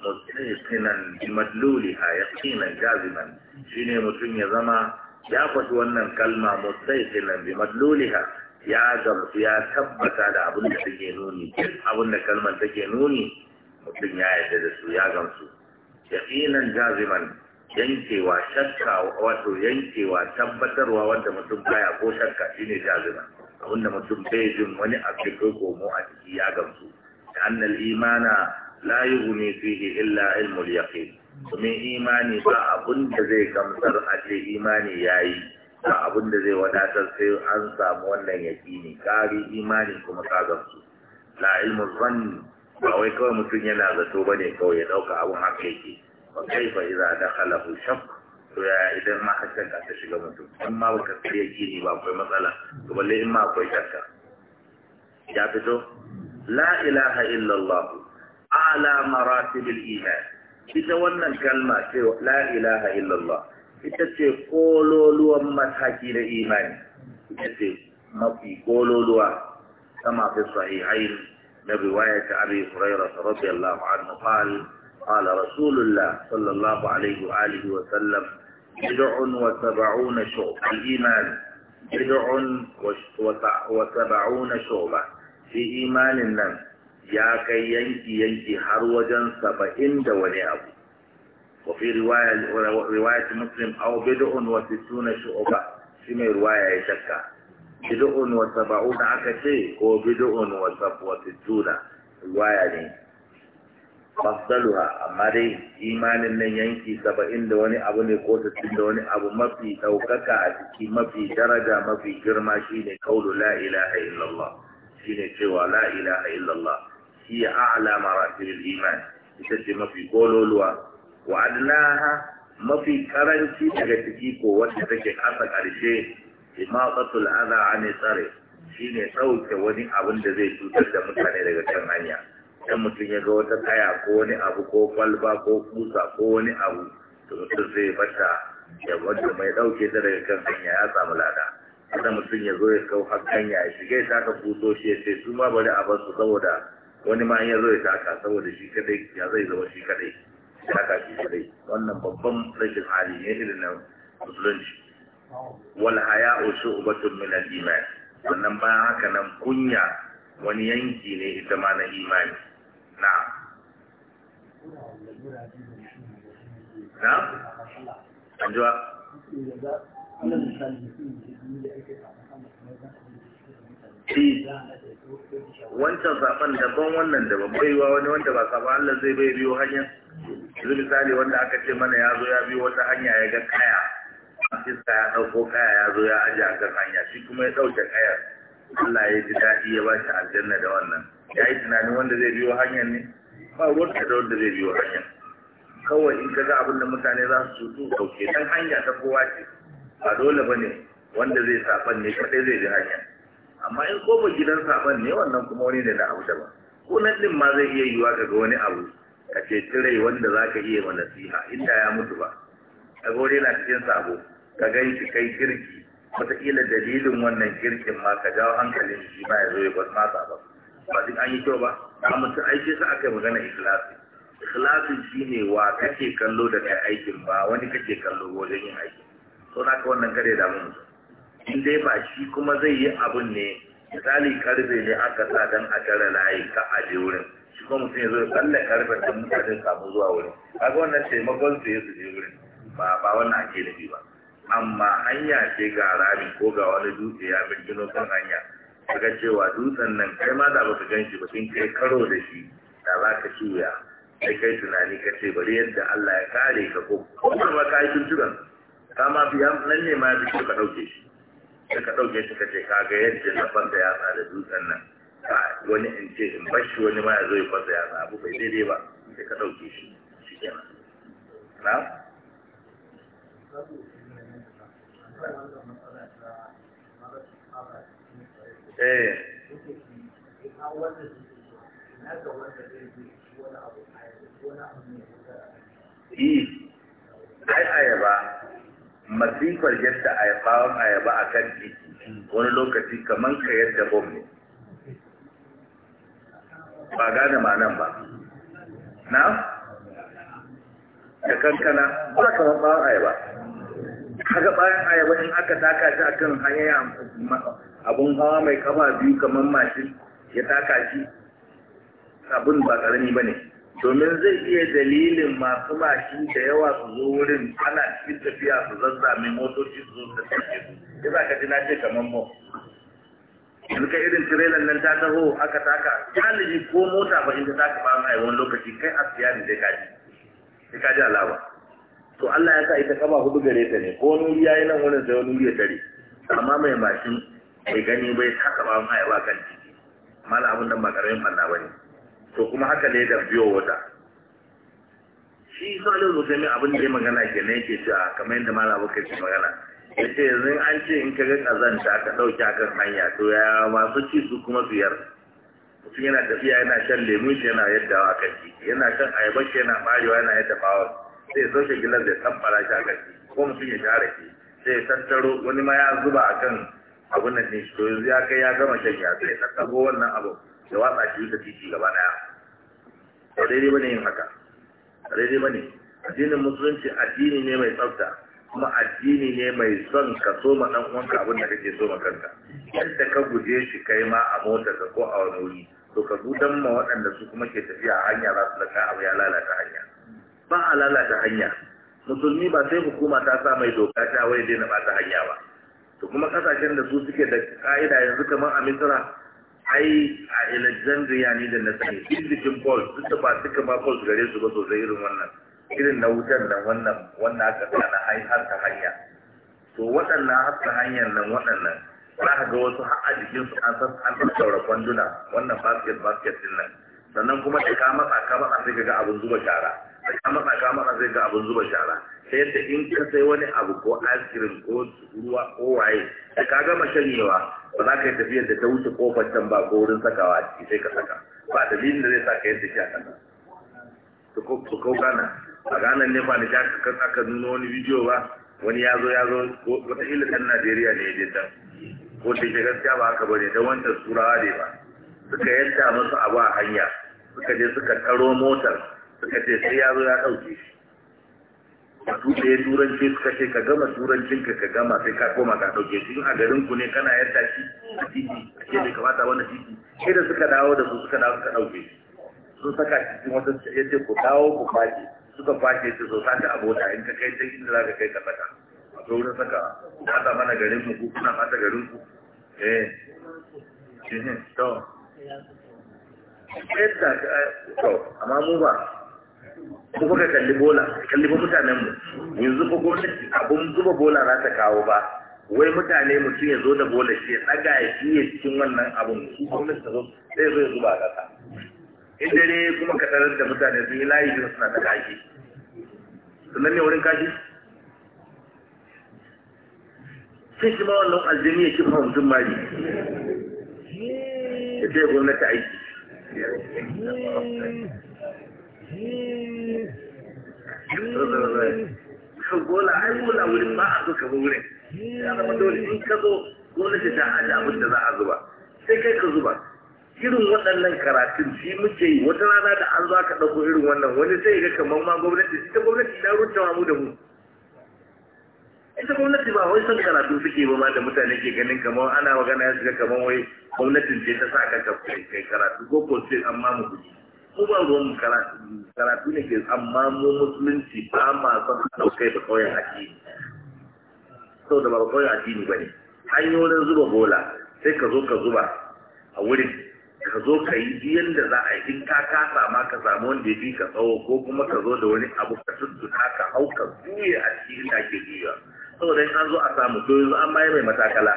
mutaiqinan bi madluliha yaqinan jaziman shine mutum ya zama ya faɗi wannan kalma mutaiqinan bi madluliha ya gamsu ya tabbata da abin da take nuni abin da kalmar take nuni mutum ya yarda da su ya gamsu yaqinan jaziman yankewa shakka wato yankewa tabbatarwa wanda mutum baya ko shakka shine jazima abinda mutum bai jin wani abu ko komo a ciki ya gamsu da annal imana la yughni fihi illa ilmul yaqin domin imani ba abun da zai gamsar a ce imani yayi ba abun da zai wadatar sai an samu wannan yaqini kari imani kuma ka gamsu la ilmul zanni ba wai kawai mutum yana zato bane kawai ya dauka abun haka yake wa kaifa idza dakhalahu shakk to ya idan ma ka shakka ta shiga mutum in ma baka tsaya gini ba akwai matsala to in ma akwai shakka ya fito la ilaha illa allah ala maratibil iman ita wannan kalma ce la ilaha illa allah ita ce kololuwan mataki da imani ita ce mafi kololuwa kama fi sahihain na riwayat abi hurairah radiyallahu anhu qala قال رسول الله صلى الله عليه وآله وسلم بدع وسبعون شعبة الإيمان بدع وسبعون شعبة في إيمان النم يا كي ينكي ينكي حروجا سبعين دولي أبو وفي رواية, رواية مسلم أو بدع وستون شعبة في رواية شكا بدع وسبعون أو بدع وسبعون رواية fasdaluha amma dai imanin nan yanki saba'in da wani abu ne ko sittin da wani abu mafi ɗaukaka a ciki mafi daraja mafi girma shine kaulu la ilaha illallah shine cewa la ilaha illallah shi a'la maratibil iman ita ce mafi kololuwa wa adnaha mafi karanci daga ciki ko wacce take kasa karshe imaqatul adha an tsare shine ɗauke wani abin da zai cutar da mutane daga kan hanya idan mutum ya ga wata kaya ko wani abu ko kwalba ko kusa ko wani abu to mutum zai bata ya wanda mai dauke ta daga kan hanya ya samu lada kada mutum ya zo ya kau har hanya ya shiga ya taka shi ya ce su ma bari a bar su saboda wani ma ya zo ya taka saboda shi kadai ya zai zama shi kadai taka shi kadai wannan babban rashin hali ne irin na musulunci wal haya'u ubatun min al-iman wannan bayan haka nan kunya wani yanki ne ita ma na imani na na wancan zaben daban wannan da daban baiwa wani wanda ba saba Allah zai bai biyo hanya yanzu misali wanda aka ce mana ya zo ya biyo wata hanya ya ga kaya iska ya ɗauko kaya ya zo ya aje a kan hanya shi kuma ya ɗauke kaya Allah ya ji daɗi ya ba shi aljanna da wannan ya yi tunanin wanda zai biyo hanyar ne ba ruwanka da wanda zai biyo hanyar kawai in ka ga abin da mutane za su cutu ɗauke dan hanya ta kowa ce ba dole ba ne wanda zai saban ne kaɗai zai bi hanya amma in kofar gidan saban ne wannan kuma wani ne na abu ba ko nan ɗin ma zai iya yiwa ka ga wani abu ka ce tirai wanda za ka iya mana siha inda ya mutu ba ka ga wani na cikin sabo ka gan shi kai kirki wataƙila dalilin wannan kirkin ma ka jawo hankalin shi ma ya zo ya bar ma saban ba duk an yi kyau ba amma mutum aiki sa aka yi magana ikhlasi ikhlasi shine wa kake kallo da kai aikin ba wani kake kallo wajen yin aiki so na ka wannan kare da musu. in dai ba shi kuma zai yi abun ne misali karfe ne aka sa dan a tare layi ka a je wurin shi kuma mutum ya zo ya kalle karfe da mutane samu zuwa wurin kaga wannan taimakon su ya su wurin ba ba wannan ake nufi ba amma hanya ce ga rami ko ga wani dutse ya bin kan hanya kaga cewa dutsen nan kai ma za baka gan shi ba in kai karo da shi da za ka shuya sai kai tunani ka ce bari yadda Allah ya kare ka ko kuma ma ka yi tuntuban ka ma biya nan ne ma ya ka ɗauke shi sai ka ɗauke shi ka ce ka ga yadda na fasa ya da dutsen nan ba wani in ce in bashi wani ma ya zo ya fasa yatsa abu bai daidai ba sai ka ɗauke shi shi kenan na? eh ai ayaba masifar yadda ayabawan ayaba a kan titi wani lokaci kamar ka yadda bom ne ba gane ma'anan ba na? da kankana ba kamar bayan ayaba haka bayan ayaba in aka taka shi akan hanyar abun hawa mai kafa biyu kamar mashin ya taka shi abun ba karami ba ne domin zai iya dalilin masu mashin da yawa su zo wurin ana cikin tafiya su zazzame motoci su zo da tafiya su ya za ka ji na ce kamar mo ka irin tirelan nan ta taho aka taka galibi ko mota ba inda taka ba mai wani lokaci kai a siya ne zai kaji sai kaji alawa to Allah ya sa ita kaba hudu gare ta ne ko wani wuri yayi nan wurin sai wani wuri ya tare amma mai mashin bai gani bai haka ba ma ya ba kan ciki mala abin nan ba karamin manna ba ne to kuma haka ne da biyo wata shi salihu mai abin da ya magana ke ne yake cewa kamar yadda mala abokan ke magana ya ce yanzu an ce in ka ga kazanta ka ɗauke akan hanya to ya masu ci su kuma biyar mutum yana tafiya yana shan lemu yana yadda a kan ciki yana shan ayaba yana barewa yana yadda bawa sai ya sauke gilas da tabbara shi a kan ciki ko mutum ya share shi sai tattaro wani ma ya zuba a kan abin nan ne to yanzu ya kai ya gama shan ya sai ka tsago wannan abu da watsa shi ka titi gaba daya ba daidai bane yin haka ba daidai bane addinin musulunci addini ne mai tsafta kuma addini ne mai son ka so ma dan uwanka abin da kake so ma kanka yadda ka guje shi kai ma a mota ka ko a wani wuri to ka gudan ma waɗanda su kuma ke tafiya a hanya za su laka abu ya lalata hanya ba a lalata hanya musulmi ba sai hukuma ta sa mai doka ta wai daina ba ta hanya ba to kuma kasashen da su suke da ka'ida yanzu kamar a misira ai a alexandria ne da na sani fizikin bol duk da ba suka ba bol gare su ba sosai irin wannan irin na wutar da wannan wannan aka tsana ai har ta hanya to waɗannan har ta hanyar nan waɗannan za ka ga wasu har a jikin su an san an saura kwanduna wannan basket basket din nan sannan kuma da ka matsa ka matsa sai ka ga abin zuba shara da ka matsa ka matsa sai ka ga abin zuba shara sai da in ka sai wani abu ko azirin ko ruwa ko waye da ka gama shanyewa ba za ka yi tafiyar da ta wuce kofar can ba ko wurin sakawa a ciki sai ka saka ba da dalilin da zai sa ka yadda shi a kasa su kau gana a ganar ba da ta kan aka nuna wani bidiyo ba wani ya zo ya zo wata ila ɗan najeriya ne ya je ta ko da ke gaskiya ba haka ba ne don wancan turawa ne ba suka yadda masu abu a hanya suka je suka taro motar suka ce sai ya zo ya ɗauke shi su da ya turanci suka ce ka gama turancin ka ka gama sai ka koma ka dauke shi a garin ku ne kana yar tashi a titi a ce ne kamata wanda titi sai da suka dawo da su suka dawo suka dauke shi sun saka cikin wata ya ce ku dawo ku fashe suka fashe su so sace bota in ka kai ta inda za ka kai ka saka a to wurin saka fata mana garin mu ku kuna fata garin ku eh, eh to yadda eh, to amma mu ba Kuma kuka kalli bola kalli ba mutanen mu yanzu ko gwamnati abun zuba bola za ta kawo ba wai mutane mutum ya zo da bola shi ya tsaga ya shi ya cikin wannan abun shi gwamnati ta zo sai zo ya zuba a ƙasa in dare kuma ka tarar da mutane sun yi layi biyu suna ta kashi sannan ne wurin kashi sai shi ma wannan aljini ya kifa mutum mari ya ce gwamnati aiki Ka gola ai gola wurin ba a zo ka zo wurin ya zama dole in ka zo gwamnati ta aje abin da za a zuba sai kai ka zuba irin waɗannan karatun shi muke yi wata rana da an za ka ɗauko irin wannan wani sai ga kamar ma gwamnati ita gwamnati ta rutawa mu da mu ita gwamnati ba wai son karatu suke ba ma da mutane ke ganin kamar ana magana ya shiga kamar wai gwamnatin ce ta sa ka kai karatu ko ko sai amma mu guji mu ba ruwan karatu ne ke amma mu musulunci ba ma son a ɗaukai da kauyen addini sau da ba kauyen addini ba ne hanyoyin zuba bola sai ka zo ka zuba a wurin ka zo ka yi yadda za a yi in ka kasa ma ka samu wanda ya fi ka tsawo ko kuma ka zo da wani abu ka tuttuka ka hau ka zuye a cikin da ake juya saboda in an zo a samu to yanzu an bayar mai matakala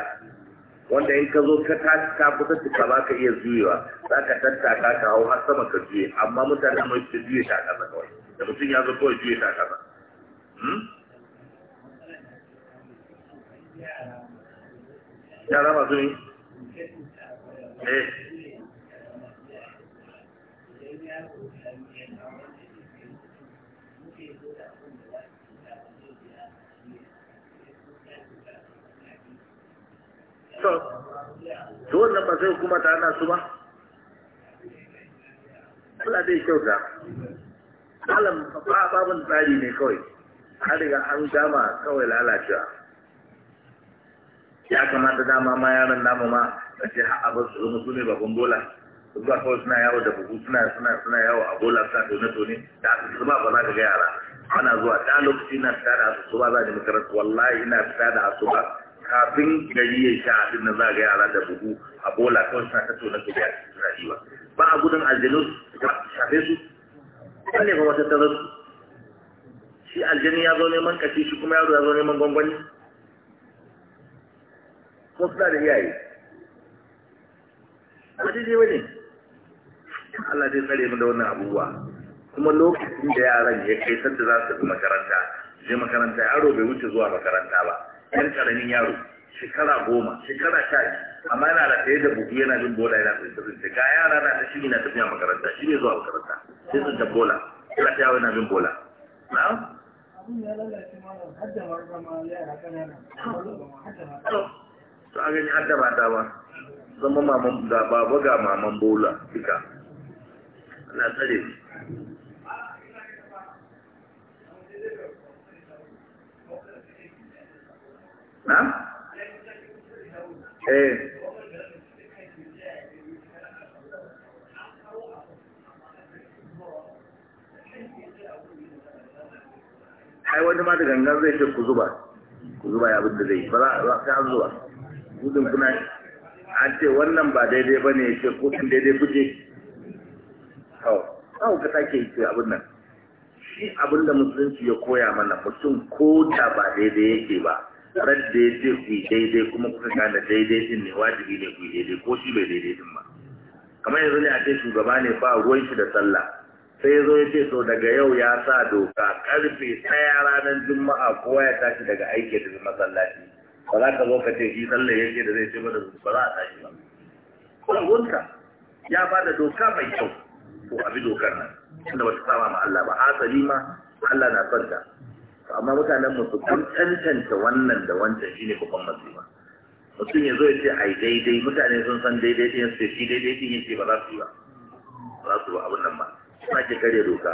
wanda in ka zo ka tashi ka ba ka iya zuwa za ka tattaka ka hau har sama ka juye amma mutane mai su juye ta kasa kawai da mutum ya zo kawai juye ta kasa hmm? ya masu zuwa to wannan ba sai hukuma ta hana su ba Allah zai kyauta Alam ba babun tsari ne kawai an daga an gama kawai lalacewa ya kamata dama ma yaran namu ma a ce ha abin su zama su ne babban bola zuwa kawai suna yawo da buhu suna suna suna yawo a bola suna tone tone da aka su ba ba za ka ga yara ana zuwa da lokaci na fita da asusu ba za ni makarantar wallahi ina fita da asusu ba kafin gari ya sha abin da za ga yara da buhu a bola kawai sa ta tona su da rayuwa ba a gudun aljanu shafe su an ne wata tarar su shi aljani ya zo neman kashi shi kuma yaro ya zo neman gwangwani ko suna da iyaye ba daidai ba ne Allah zai tsare mu da wannan abubuwa kuma lokacin da yaran ya kai sanda za su makaranta je makaranta yaro bai wuce zuwa makaranta ba ɗan ƙaramin yaro shekara goma shekara sha amma yana da tsaye da buhu yana bin bola yana tsaye da tsaye ga yara na ta shi na tafiya makaranta shi ne zuwa makaranta sai da bola yana ta yawo yana bin bola na'am to a gani hadda mata ba zama maman ba baba ga maman bola duka ana tsare نعم ايه eh. ai wani ma da gangan zai ce ku zuba ku zuba ya abin da zai ba za ka zuwa. gudun kuna an ce wannan ba daidai ba ne ce ko kun daidai kuje hau hau ka take yi ce abin nan shi abin da musulunci ya koya mana mutum ko da ba daidai yake ba ran da ya ce ku daidai kuma kuka gane daidai din ne wajibi ne ku daidai ko shi bai daidai din ba kamar yanzu ne a ce shugaba ne ba ruwan shi da sallah sai ya zo ya ce so daga yau ya sa doka karfe ɗaya ranar juma'a kowa ya tashi daga aiki da masallaci ba za ka zo ka ce shi sallah yake da zai ce mana ba za a tashi ba kwanwunka ya ba da doka mai kyau to abi dokar nan inda ba ta sama ma Allah ba hasali ma Allah na son ta to amma mutanen mu su kan tantance wannan da wancan shine babban matsala mutum ya zo ya ce ai daidai mutane sun san daidai din su ce daidai din yake ba za su yi ba za su ba abin nan ba suna ke karya doka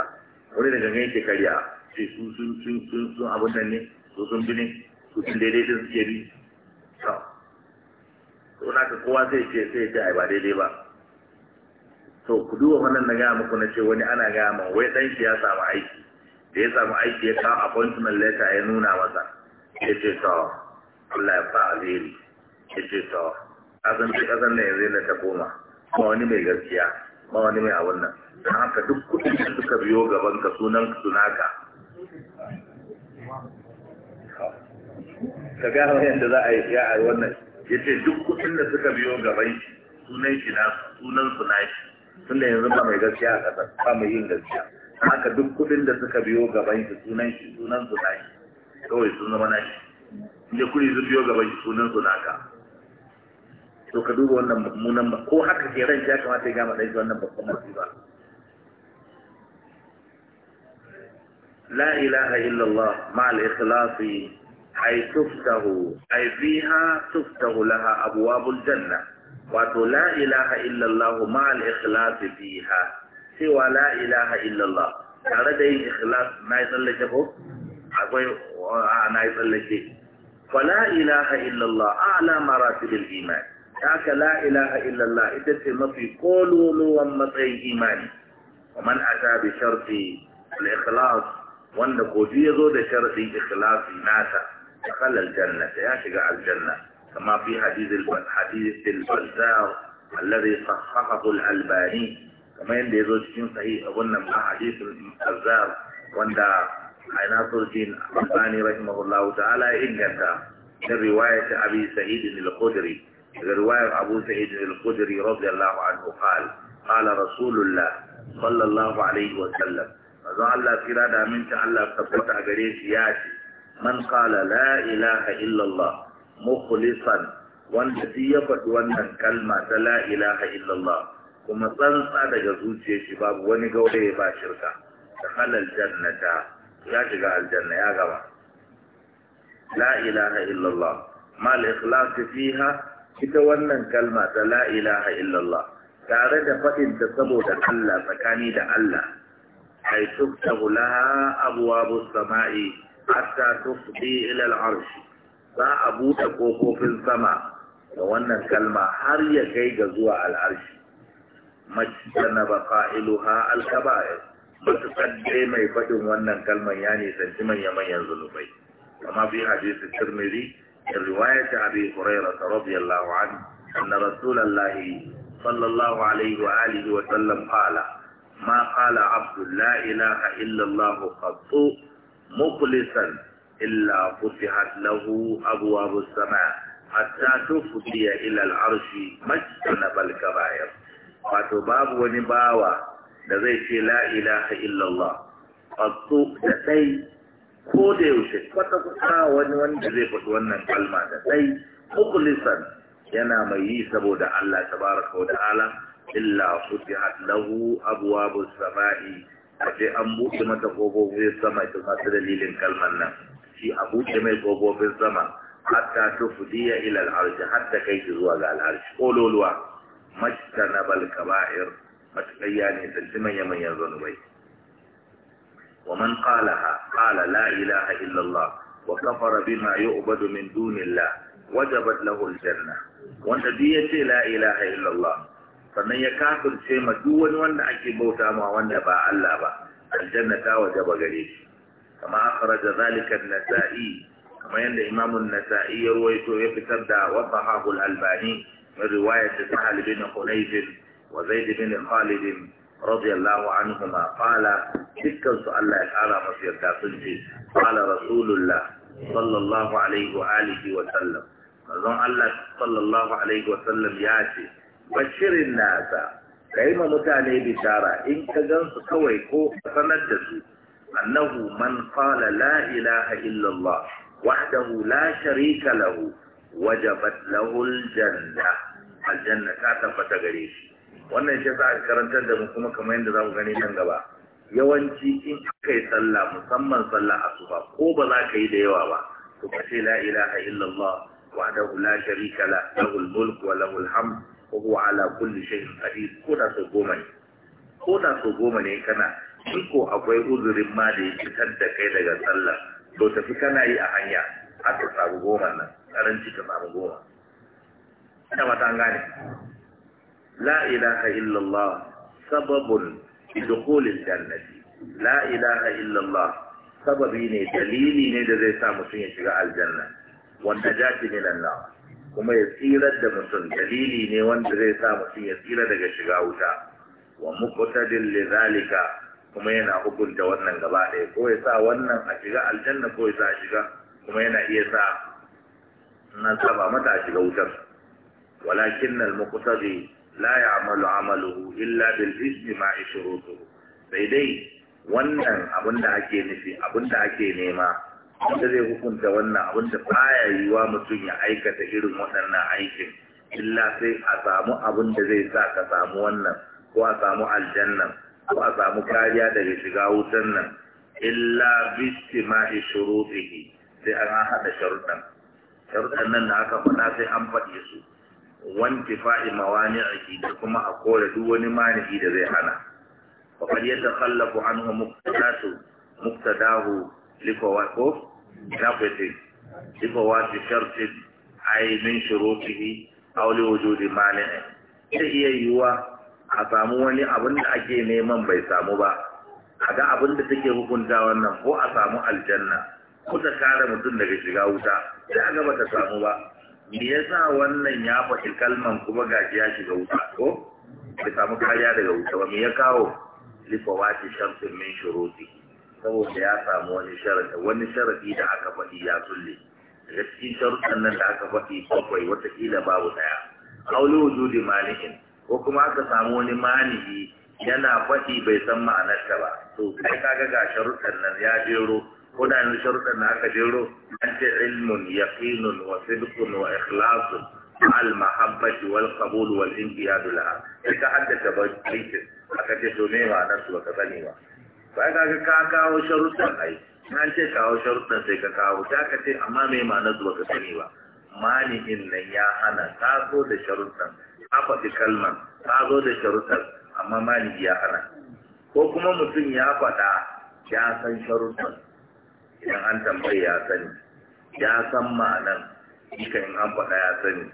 wani daga gangan yake karya ce su sun sun sun sun abin nan ne su sun bi ne su sun daidai din suke bi to na ka kowa sai ce sai ce ai ba daidai ba to ku duba wannan na gaya muku na ce wani ana gaya ma wai dan shi ya samu aiki da ya samu aiki ya kawo appointment letter ya nuna masa ya ce to Allah ya fa alheri ya ce to azan ce kasan na yanzu yana ta koma kuma wani mai gaskiya kuma wani mai abun nan don haka duk kuɗin da suka biyo gaban ka sunan sunaka ka gano yadda za a yi ya a wannan ya ce duk kuɗin da suka biyo gaban shi sunan shi na sunan tunda yanzu ba mai gaskiya a ƙasar ba mai yin gaskiya haka duk kudin da suka biyo gaban shi sunan shi sunan su na shi kawai sun zama na shi inda kudi su biyo gaban shi sunan su naka to ka duba wannan mummunan ba ko haka ke ran ya kamata ya gama ɗan shi wannan babban ba. la ilaha illallah ma'al ikhlasi ay tuftahu ay biha tuftahu laha abwabul janna wato la ilaha illallah ma'al ikhlasi biha. سوى لا إله إلا الله تارة دي إخلاص ما الله جبه أقوي نايت الله جي فلا إله إلا الله أعلى مراتب الإيمان تاك لا إله إلا الله إتت مطي قولوا لو مطي إيمان ومن أتى بشرط الإخلاص وأن قوتي يزود شرط إخلاص ناسا دخل الجنة يا شقع الجنة كما في حديث الحديث البزار الذي صححه الألباني kamar yadda ya zo cikin sahi a wannan ma hadisin azhar wanda aina surjin albani rahimahullahu ta'ala ya inganta da riwaya ta abi sa'id al-khudri daga riwayar abu sa'id al-khudri radiyallahu anhu qala qala rasulullah sallallahu alaihi wa sallam manzo Allah kira da aminta Allah tabbata a gare shi ya ce man qala la ilaha illa Allah mukhlisan wanda duk ya faɗi wannan kalma ta la ilaha illa Allah kuma tsantsa daga zuciyar shi babu wani gauraye ba shirka da halal jannata ya shiga aljanna ya gama la ilaha illallah mal ikhlas fiha ita wannan kalma ta la ilaha illallah tare da faɗin ta saboda Allah tsakani da Allah ay tuftahu laha abwabus samai hatta tufdi ila al-arsh za a buɗe kofofin sama da wannan kalma har ya kai ga zuwa al-arsh majtana baqa'iluha al-kaba'ir mutukar dai mai faɗin wannan kalmar ya ne sanci manya manyan zunubai kama fi hadisi tirmidhi in riwayat abi hurairah radiyallahu anhu anna rasulullahi sallallahu alaihi wa alihi wa sallam qala ما قال عبد لا إله إلا الله قط مخلصا إلا فتحت له أبواب السماء حتى تفضي إلى العرش ما اجتنب الكبائر wato babu wani bawa da zai ce la ilaha illallah wato da dai ko da yaushe kwata kusa wani wanda zai faɗi wannan kalma da dai mukhlisan yana mai yi saboda Allah tabaraka wa ta'ala illa futihat lahu abwabus samai ce an buɗe mata kofofin sama ita masu dalilin kalmar nan shi a buɗe mai kofofin sama hatta tufudiya ila al'arshi hatta kai zuwa ga al'arshi kololuwa مجتنب الكبائر متقياني تلزم يمن يظنوي ومن قالها قال لا إله إلا الله وكفر بما يؤبد من دون الله وجبت له الجنة ونبية لا إله إلا الله فمن يكافر شيما دون وان أكبو تاما وان أبا ألابا الجنة وجب قريش كما أخرج ذلك النسائي كما يند إمام النسائي رويته يفتد وصحاه الألباني من رواية سهل بن حنيف وزيد بن خالد رضي الله عنهما قال تكن سؤال تعالى مصير كاسنتي قال رسول الله صلى الله عليه وآله وسلم مزون الله صلى الله عليه وسلم ياتي بشر الناس كيما متعني بشارة إن كجنس كوي كو فندسوا أنه من قال لا إله إلا الله وحده لا شريك له wajabat lahul janna aljanna ta tabbata gare shi wannan shi za a karantar da mu kuma kamar yadda za mu gani nan gaba yawanci in aka yi sallah musamman sallah asuba ko ba za ka yi da yawa ba to ka ce la ilaha illallah wahdahu la sharika la lahul mulk wa lahul hamd wa huwa ala kulli shay'in qadir ko da so goma ne ko da so goma ne kana in ko akwai uzurin ma da ya fitar da kai daga sallah to tafi kana yi a hanya har ka samu goma nan karanci ta samu goma ina mata gane la ilaha illallah sababun dukhulil jannati la ilaha illallah sababi ne dalili ne da zai sa mutum ya shiga aljanna wanda jati ne nan kuma ya tsirar da mutum dalili ne wanda zai sa mutum ya tsira daga shiga wuta wa muqtadil lidhalika kuma yana hukunta wannan gaba ɗaya ko ya sa wannan a shiga aljanna ko ya sa shiga kuma yana iya sa nan saba mata a shiga wutar walakin nan muqtadi la ya'malu amaluhu illa bil ismi ma shurutuhu sai dai wannan abin da ake nufi abin da ake nema wanda zai hukunta wannan abin da baya yiwa mutum ya aikata irin waɗannan aikin illa sai a samu abin da zai sa ka samu wannan ko a samu aljannan ko a samu kariya daga shiga wutan nan illa bistima'i shurutihi sai an haɗa sharuɗan sharuɗan nan da aka faɗa sai an faɗi su wanti fa'i mawani a da kuma a kore duk wani manihi da zai hana faƙar yadda kallafu an hu muktadatu muktadahu likawako nafetin likawati shartin ai min shurutihi aw li wujudi mani'i zai iya yiwuwa a samu wani abin da ake neman bai samu ba a ga abin da take hukunta wannan ko a samu aljanna kusa kare mutum daga shiga wuta sai gaba ta samu ba me yasa wannan ya faɗi kalman kuma gaji ya shiga wuta ko bai samu kariya daga wuta ba me ya kawo lifawati shamsin min shuruti saboda ya samu wani sharadi wani sharadi da aka faɗi ya sulle daga cikin sharuɗan nan da aka faɗi bakwai watakila babu ɗaya kaulu wujudi malikin ko kuma aka samu wani manihi yana faɗi bai san ma'anarta ba to kai kaga ga sharuɗan nan ya jero waɗannan sharuɗan da aka jero an ce ilmun yaqinun wa sidqun wa ikhlasun al mahabbati wal qabul wal inqiyadu laha sai ka haddata baitin aka ce to me ma nan su ka sani ba sai ka ga ka kawo sharuɗan ai an ce kawo sharuɗan sai ka kawo ta ka ce amma me ma nan su ka sani ba mani in nan ya hana ta zo da sharuɗan ka faɗi kalman ta zo da sharuɗan amma mani ya hana ko kuma mutum ya faɗa ya san sharuɗan in an tambayi ya sani ya san ma'anan duka in an faɗa ya sani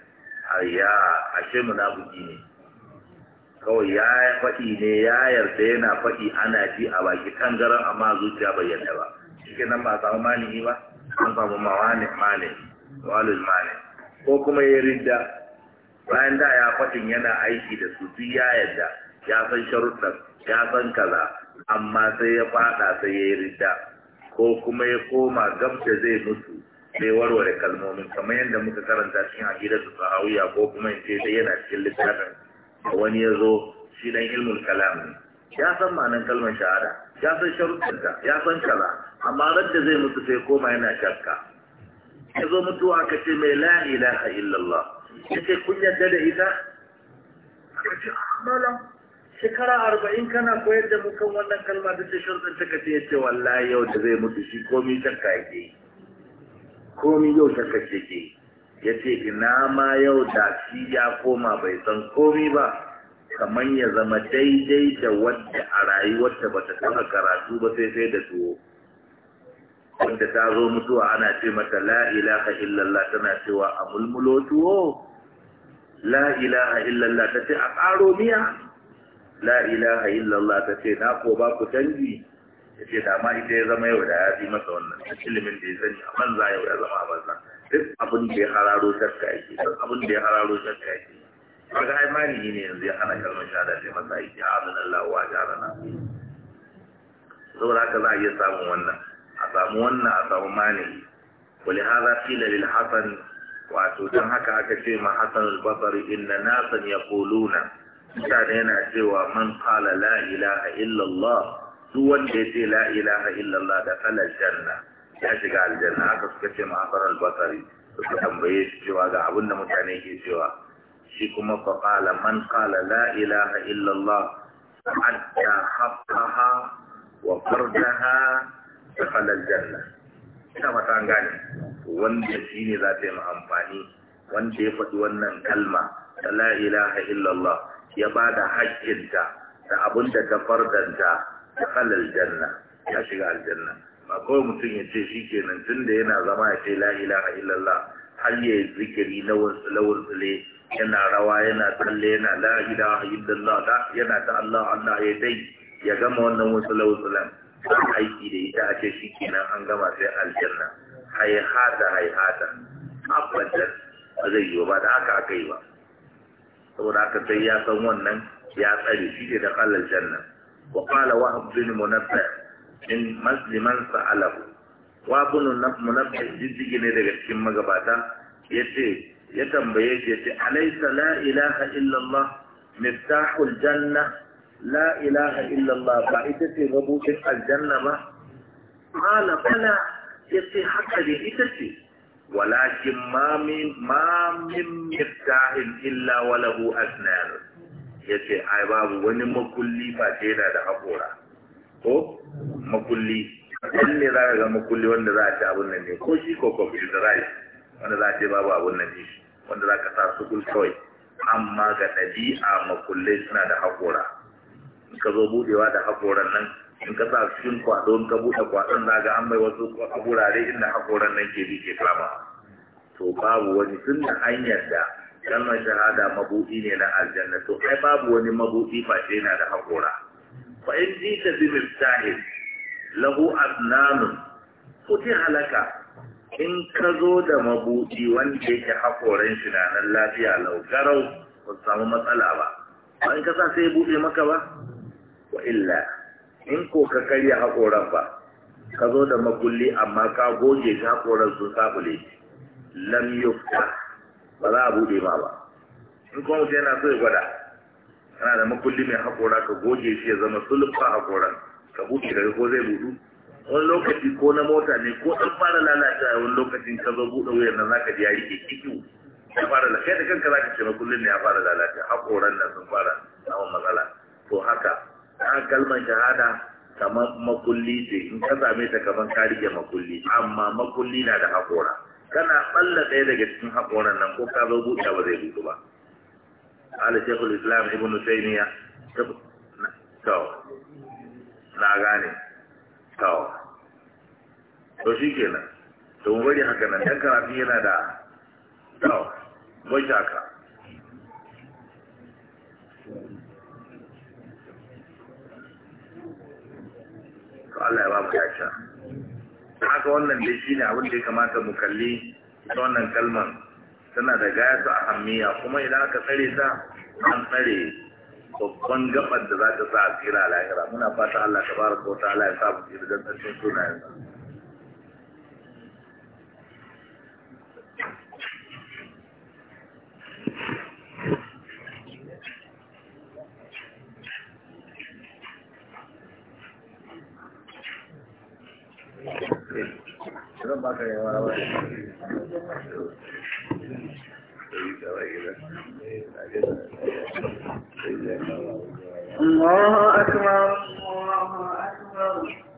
ya ashe munafiki ne kawai ya faɗi ne ya yarda yana faɗi ana ji a baki tangaran amma zuciya bai yarda ba shi nan ba samu malami ba an samu mawani malami walul malami ko kuma ya ridda bayan da ya faɗin yana aiki da su duk ya yarda ya san sharuɗan ya san kaza amma sai ya faɗa sai ya yi ridda ko kuma ya koma gab da zai mutu sai warware kalmomin kamar yadda muka karanta cikin su sahawiya ko kuma in ce sai yana cikin littafin da wani ya zo shi dan ilmul kalam ya san ma'anar kalmar shahada ya san sharuɗanta ya san kaza amma da zai mutu sai koma yana shakka ya zo mutuwa kace, ce mai la ilaha illallah ya ce kun yadda da ita ka ce ah, shekara arba'in kana koyar da mu wannan kalma da ce shirɗin ta kace yace wallahi yau da zai mutu shi komi shakka yake komi yau shakka ya yace ina ma yau da shi ya koma bai san komi ba kamar ya zama daidai da wadda a rayuwarta ba ta kama karatu ba sai sai da tuwo wanda ta zo mutuwa ana ce mata la ilaha illallah tana cewa a mulmulo tuwo la ilaha illallah ta ce a ƙaro miya La'ilaha illallah ta ce na ko ba ku canji ya ce dama ita ya zama yau da ya fi masa wannan ilimin da ya sani a banza yau ya zama a banza duk abin da ya hararo shakka yake duk abin da ya hararo shakka yake kaga ai mani ne yanzu ya hana kalmar shahada sai masa aiki amin Allah wa jarana saboda haka za a iya samun wannan a samu wannan a samu mani ولهذا قيل للحسن واتو dan haka aka ce ma Hassan al-Basri inna nasan yaquluna mutane na cewa man qala la ilaha illallah duk wanda ya ce la ilaha illallah da kala janna ya shiga aljanna haka suka ce ma'afar albasari suka tambaye shi cewa ga abin da mutane ke cewa shi kuma fa qala man qala la ilaha illallah adda haqqaha wa fardaha da dakhala aljanna ina mata an gane wanda shi ne za ta yi amfani wanda ya faɗi wannan kalma ta la ilaha illallah ya ba da haƙƙinta da abin da ta fardanta ta halal janna ya shiga aljanna ba kawai mutum ya ce shi kenan tun da yana zama ya ce la'ila a illallah har ya yi zikiri na wasu lawan yana rawa yana tsalle yana a ilaha illallah yana ta Allah Allah ya dai ya gama wannan wasu lawan tsilen aiki da ita a ce shi kenan an gama sai aljanna haihata haihata abadan ba zai yi ba da haka aka yi ba saboda aka sai ya san wannan ya tsare shi ne da kallar janna wa kala wa abin munafa in masliman sa'alahu wa abin munafa jijjigi ne daga cikin magabata ce ya tambaye shi yace alaysa la ilaha illallah miftahul janna la ilaha ba ita ce rabutin aljanna ba kala bala ce haka ne ita ce walakin ما من ما من مفتاح الا وله اسنان yace ai babu wani makulli ba ce yana da haƙora. ko makulli dan ne za ga makulli wanda za a ci abun nan ne ko shi ko rai wanda za a ce babu abun nan ne wanda za ka sa su kul amma ga ɗabi'a makullai suna da haƙora. ka zo budewa da haƙoran nan in ka sa cikin kwado ka buɗe kwadon na ga an mai wasu wurare inda hakoran nan ke bike kama to babu wani tun da hanyar da kalmar shahada mabuɗi ne na aljanna to ai babu wani mabuɗi face yana da hakora fa in ji ta bi miftahil lahu adnanun futiha halaka in ka zo da mabuɗi wanda yake hakoran shi na nan lafiya lau garau ba samu matsala ba ba in ka sa sai buɗe maka ba wa illa in ko ka karya haƙoran ba ka zo da makulli amma ka goge ta haƙoran sun sabule lam yufta ba za a buɗe ma ba in kuma mutum yana so ya gwada kana da makulli mai haƙora ka goge shi ya zama sulfa haƙoran ka buɗe daga ko zai buɗu wani lokaci ko na mota ne ko ɗan fara lalacewa wani lokacin ka zo buɗe wuyan nan zaka ji ya rike kikiu ya fara lalata kai da kanka zaka ce makullin ne ya fara lalata haƙoran nan sun fara samun matsala to haka ta kalmar shahada kamar makulli ce in ka same ta kamar ka rike makulli amma makulli na da haƙora kana balla ɗaya daga cikin haƙoran nan ko ka zo buɗe ba zai buɗe ba ala shekul islam ibn taymiya to na gane to to shikenan to mu bari haka nan dan karatu yana da to mu haka to Allah ya ba mu dace haka wannan dai ne abin da ya kamata mu kalli ita wannan kalmar tana da gaya a ahammiya kuma idan aka tsare ta an tsare babban gabar da za ta sa a tsira lahira muna fata Allah tabaraka wa Allah ya sa mu tsira dan tsare sunayen zan ba ka yawa rawa الله أكبر الله أكبر